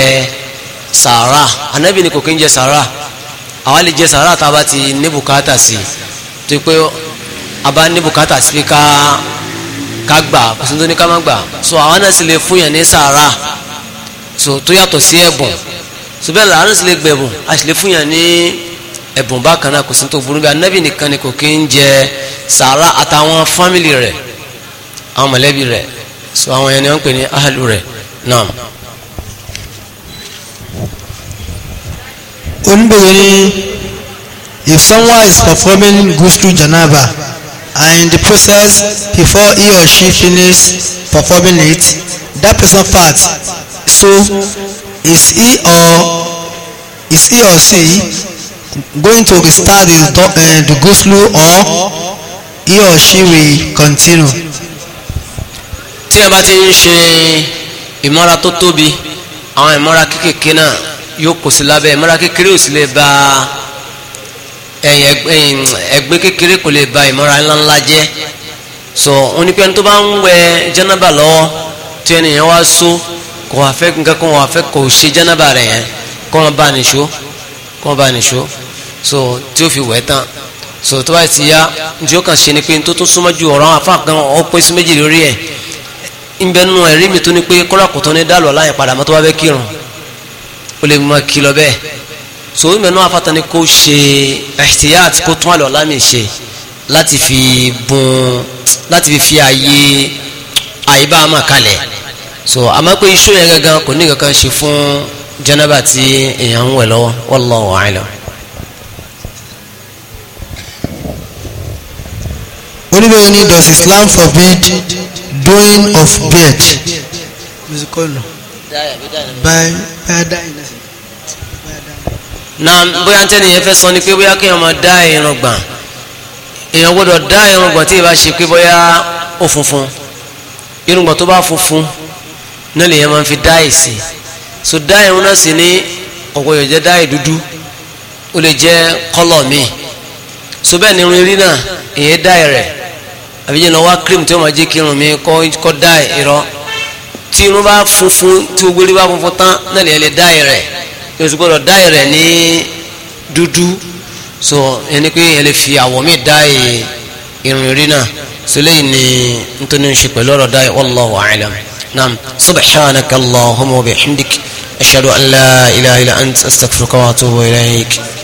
sàrà anabi ni kò kí ń jẹ sàrà àwa lè jẹ sàárà tá a bá ti ní bùkátà sí tó pé a bá ní bùkátà sí pé ká ká gbà kò sí ní ká má gbà so àwa náà sì lè fún yàn ní sàárà so tó yàtọ̀ sí ẹ̀bùn so bẹ́ẹ̀ làwọn sì lè gbẹ̀bùn a sì lè fún yàn ní ẹ̀bùn bákan náà kò sí tó burú anábì nìkan ni kò kí ń jẹ sàárà àtàwọn fámìlì rẹ̀ àwọn mọ̀lẹ́bí rẹ̀ so àwọn yẹn ni wọ́n ń pè ní ahàlù rẹ̀ náà. Unbeiri, if someone is performing ghusl janaba and in the process before he or she finishes performing it, that person farts. So is he or is he or she going to restart his uh, the ghusl or he or she will continue? tí a bá ti ń ṣe ìmọ́ra tó tóbi àwọn ìmọ́ra kéékèèké náà yóò kó sí lábẹ́ ìmọ́ra kékeré ò sì lè ba ẹ̀yìn ẹ̀gbẹ́ kékeré kò lè ba ìmọ́ra ńláńlá jẹ́ sọ wọn tó bá ń wẹ jẹ́nàbà lọ́wọ́ tí ẹnìyàn wá so kò wá fẹ́ nǹkan kan wá fẹ́ kò ṣe jẹ́nàbà rẹ̀ yẹn kó wọn bá nìṣó kó wọn bá nìṣó so tí ó fi wẹ̀ tán so tó bá ti yá njẹ́ ó kàn ṣe ni pé tó tún súnmọ́ ju ọ̀rọ̀ àwọn afáàkan ọ̀pẹ́ sí méjì lórí ẹ̀ ń bẹ́ẹ̀ nù ẹ̀rí mi tó ni pé kọ́lá kò tó ní dálọ́ láyẹ̀ padà mọ́ tó bá fẹ́ kírun ó lè mọ kí bẹ́ẹ̀ so ó mẹ́nu afáta ni kó ṣe ihtiyat kó tún àlọ́ lámì ṣe láti fi bun láti fi fi ààyè àyíbá àmà kalẹ̀ so àmọ́ pé iṣu yẹn gangan kò ní kankan ṣe fún janaba tí èèyàn ń wẹ̀ lọ́wọ́ wallahu a'lam. oníbẹ̀rẹ̀ ni does Islam forbid doing of beard? na bóyá tẹ́lẹ̀ yẹn fẹ́ sọ ni pé bóyá kí èèyàn máa dá irun gbọ̀n èèyàn gbọ́dọ̀ dá irun gbọ̀n tí ì bá ṣe pé bóyá ó funfun irun gbọ̀n tó bá funfun náà lèèyàn máa fi dá èsì so dá irun náà sì ní ọ̀pọ̀ yóò jẹ́ dá ìdúdú ó lè jẹ́ kọ́lọ̀ míì so bẹ́ẹ̀ ni irun rí náà èèyàn dá rẹ̀ àbíjẹ́ náà wá cream tí ó máa jẹ́ kírun mi kọ́ dá irọ́ tí irun bá funfun tí gbogbo eré bá funfun tán náà lè lè dá ẹ̀rẹ̀ yóò sì gbọ́dọ̀ dá ẹ̀rẹ̀ ní dúdú so ẹni pé ẹ lè fi àwọ̀ mi dá irun rí náà so lẹ́yìn nítorí ń pẹ̀lú ọ̀rọ̀ dá ẹ̀ wallahu a'lam naam subhanaka allahumma wa bihamdik ashhadu ilaha illa anta astaghfiruka wa atubu ilayk.